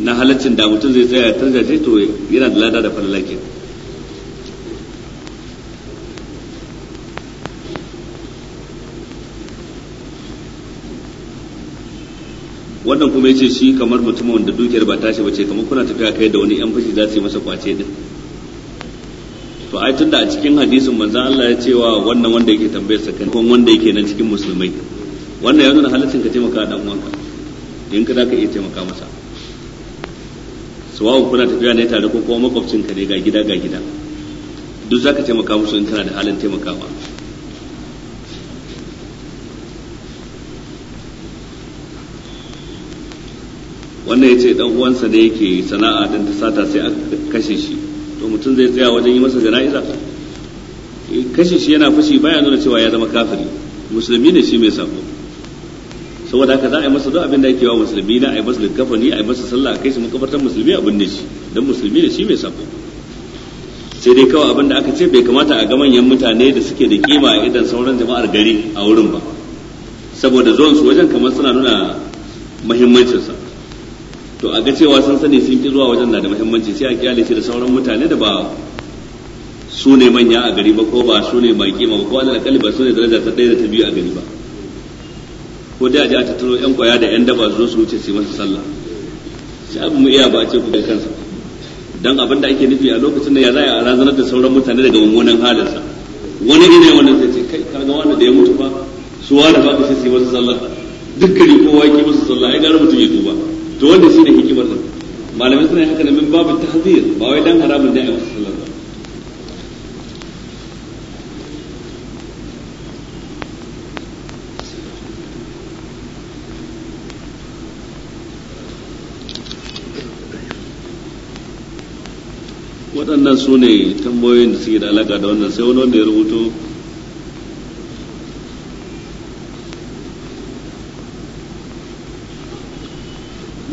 na halaccin da mutum zai tsaya ta jaje to yana da lada da falala wannan kuma ya ce shi kamar mutum wanda dukiyar ba tashi bace kamar kuna tafiya kai da wani yan fashi za su yi masa kwace din to ai tunda a cikin hadisin manzon Allah ya cewa wannan wanda yake tambayar sa kan wanda yake nan cikin musulmai wannan ya nuna halaccin ka taimaka dan uwanka in ka zaka iya taimaka masa sawa'un kuna tafiya ne tare ko kuma makwabcin ka ne ga gida ga gida duk zaka taimaka musu in kana da halin taimakawa wannan ya ce dan uwansa da yake sana'a dan ta sata sai aka kashe shi to mutum zai tsaya wajen yi masa jana'iza eh, kashe shi yana fashi baya nuna cewa ya zama kafiri musulmi ne shi mai sako saboda haka za a yi masa duk abin da yake wa musulmi na a yi masa likafani a yi masa sallah a kai shi makabartar musulmi a binne shi don musulmi ne shi mai sako sai dai kawai abin da aka ce bai kamata a ga manyan mutane da suke da kima a idan sauran jama'ar gari a wurin ba saboda zuwan su wajen kamar suna nuna muhimmancinsa to a ga cewa sun sani sun ki zuwa wajen na da muhimmanci sai a kyale shi da sauran mutane da ba su ne manya a gari ba ko ba su ne mai kima ba ko alal kalli ba su ne daraja ta ɗaya da ta biyu a gari ba ko dai a ji a tattaro yan kwaya da yan daba zo su wuce su masa sallah shi abu mu iya ba a ce ku da kansa dan abin da ake nufi a lokacin da ya za a razanar da sauran mutane daga mummunan halinsa wani ne wani zai ce kai kaga wanda da ya mutu fa su wani ba sai su yi masa sallah dukkan kowa yake masa sallah ai gara mutum ya duba to wanda ne hikimar nan malamai suna haka da min babu tahzir ba wai dan haramun ne a masa sallah waɗannan su ne tambayoyin da suke da alaƙa da wannan sai wani wanda ya rubuto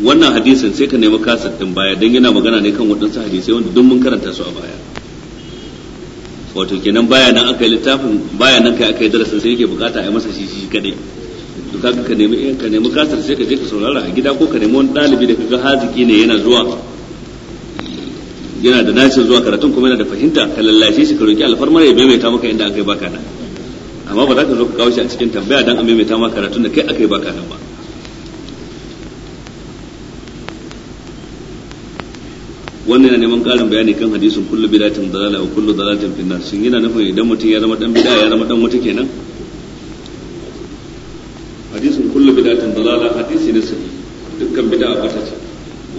wannan hadisin sai ka nemi kasar ɗin baya don yana magana ne kan waɗansu hadisai wanda duk mun karanta su a baya wato kenan baya nan aka yi littafin baya nan kai aka yi darasin sai yake bukata a yi masa shi shi kaɗai ka nemi ka nemi kasar sai ka je ka saurara a gida ko ka nemi wani ɗalibi da ga haziki ne yana zuwa yana da dacin zuwa karatun kuma yana da fahimta ka lallashe shi ka roki alfarmar ya maimaita maka inda aka yi baka nan amma ba za ka zo ka kawo shi a cikin tambaya dan a maimaita maka karatun da kai aka yi baka nan ba wannan yana neman karin bayani kan hadisin kullu bidatin dalala wa kullu dalalatin finnar sun yana nufin idan mutum ya zama dan bid'a ya zama dan wata kenan hadisin kullu bidatin dalala hadisi ne sahi dukkan bid'a bata ce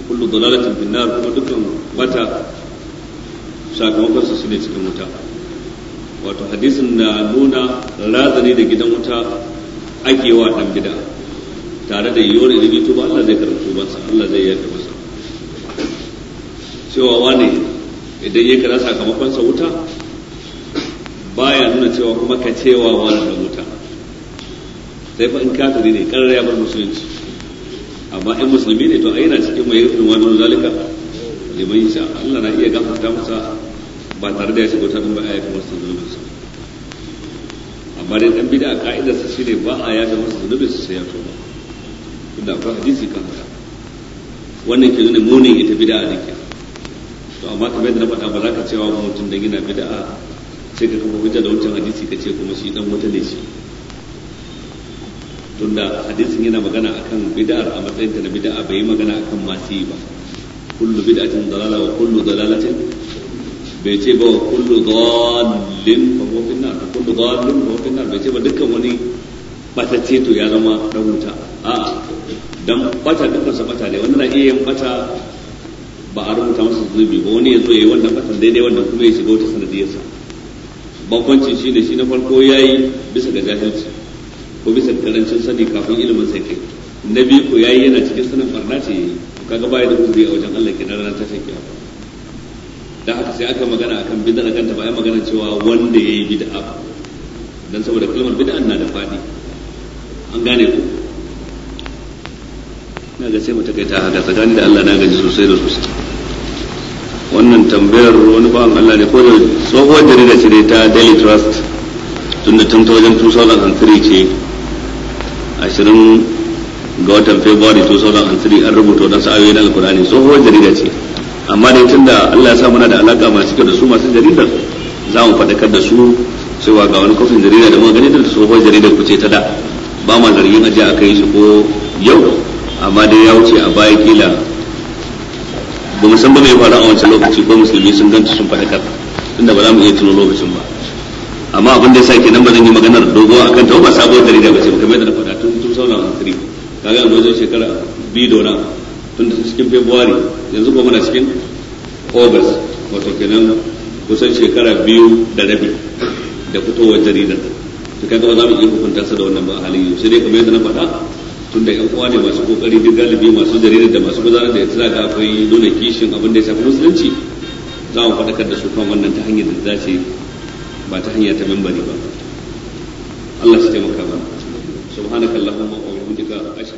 wa kullu dalalatin finnar kuma dukkan Wata sakamakon su ne cikin wuta wato hadisin na nuna razani da gidan wuta ake wa ɗan gida tare da yiwuwar ilimi ba Allah zai karanta tubansa Allah zai yarda masa cewa wane idan ya kira sakamakon sa wuta baya nuna cewa kuma ka cewa wani da wuta sai fa in kafiri ne karar ya bar musulunci amma in musulmi ne to a yana cikin mai irin wani zalika liman yasha Allah na iya gafarta masa ba tare da ya shiga wata ba ya yafi masa zunubin sa amma dai dan bid'a ka'idar sa shine ba a yafi masa zunubin sa sai ya tuba inda ba hadisi kan haka wannan ke nuna muni ita bid'a ne to amma kamar yadda na faɗa ba za ka cewa mutum da gina bid'a sai ka kuma hujja da wancan hadisi ka ce kuma shi dan wuta ne shi tunda hadisin yana magana akan bid'ar a matsayin ta na bid'a bai yi magana akan masu yi ba kullu بدعة ضلالة wa kullu بيتبع كل ضال ba wa kullu كل ضال فهو في النار kullu دكا وني huwa يا nar bai ce ba ya zama dan bata bata ne wani na iya bata ba a rubuta masa zubi ba wani ya yayi wannan batan daidai wannan kuma ya shiga wata sanadiyarsa bambancin shi ne shi na farko ya bisa ga jahilci ko bisa karancin sani kafin ilimin sai kai na biyu ko ya yana cikin sanin barna ce kaga bai da uzuri a wajen Allah kenan ta tashin kiyama dan haka sai aka magana akan bid'a kanta ba ya magana cewa wanda yayi bid'a dan saboda kalmar bid'a na da fadi an gane ku na ga sai mu takaita haka tsakani da Allah na gaji sosai da sosai wannan tambayar wani bawan Allah ne ko da tsohuwar jarida ce ta Daily Trust tun da tun ta wajen 2003 ce ashirin ga watan february 2003 an rubuta wadansu na alkur'ani tsohuwar jarida ce amma dai tunda Allah ya sa muna da alaka masu kyau da su masu jaridar za mu faɗakar da su cewa ga wani kofin jarida da magani gani da tsohuwar jaridar ku ce ta da ba ma zargin aje a kai shi ko yau amma dai ya wuce a baya kila ba mu san ba mai faru a wancan lokaci ko musulmi sun ganta sun faɗakar tunda ba za mu iya tuno lokacin ba amma abin da ya sa ke nan ba zan yi maganar dogo akan ta ba sabuwar jarida ba ce kamar yadda na faɗa tun 2003 kaga yanzu zai shekara biyu da wani tun da cikin february yanzu kuma muna cikin august wato kenan kusan shekara biyu da rabi da fitowar jaridar to kaga ba za mu iya hukunta sa da wannan ba halin yau sai dai kamar yadda na faɗa tun da yan uwa ne masu kokari duk galibi masu jaridar da masu gudanar da yadda ga akwai nuna kishin abin da ya shafi musulunci za mu faɗakar da su kan wannan ta hanyar da za ce ba ta hanyar ta membari ba Allah shi taimaka ba subhanakallahumma wa bihamdika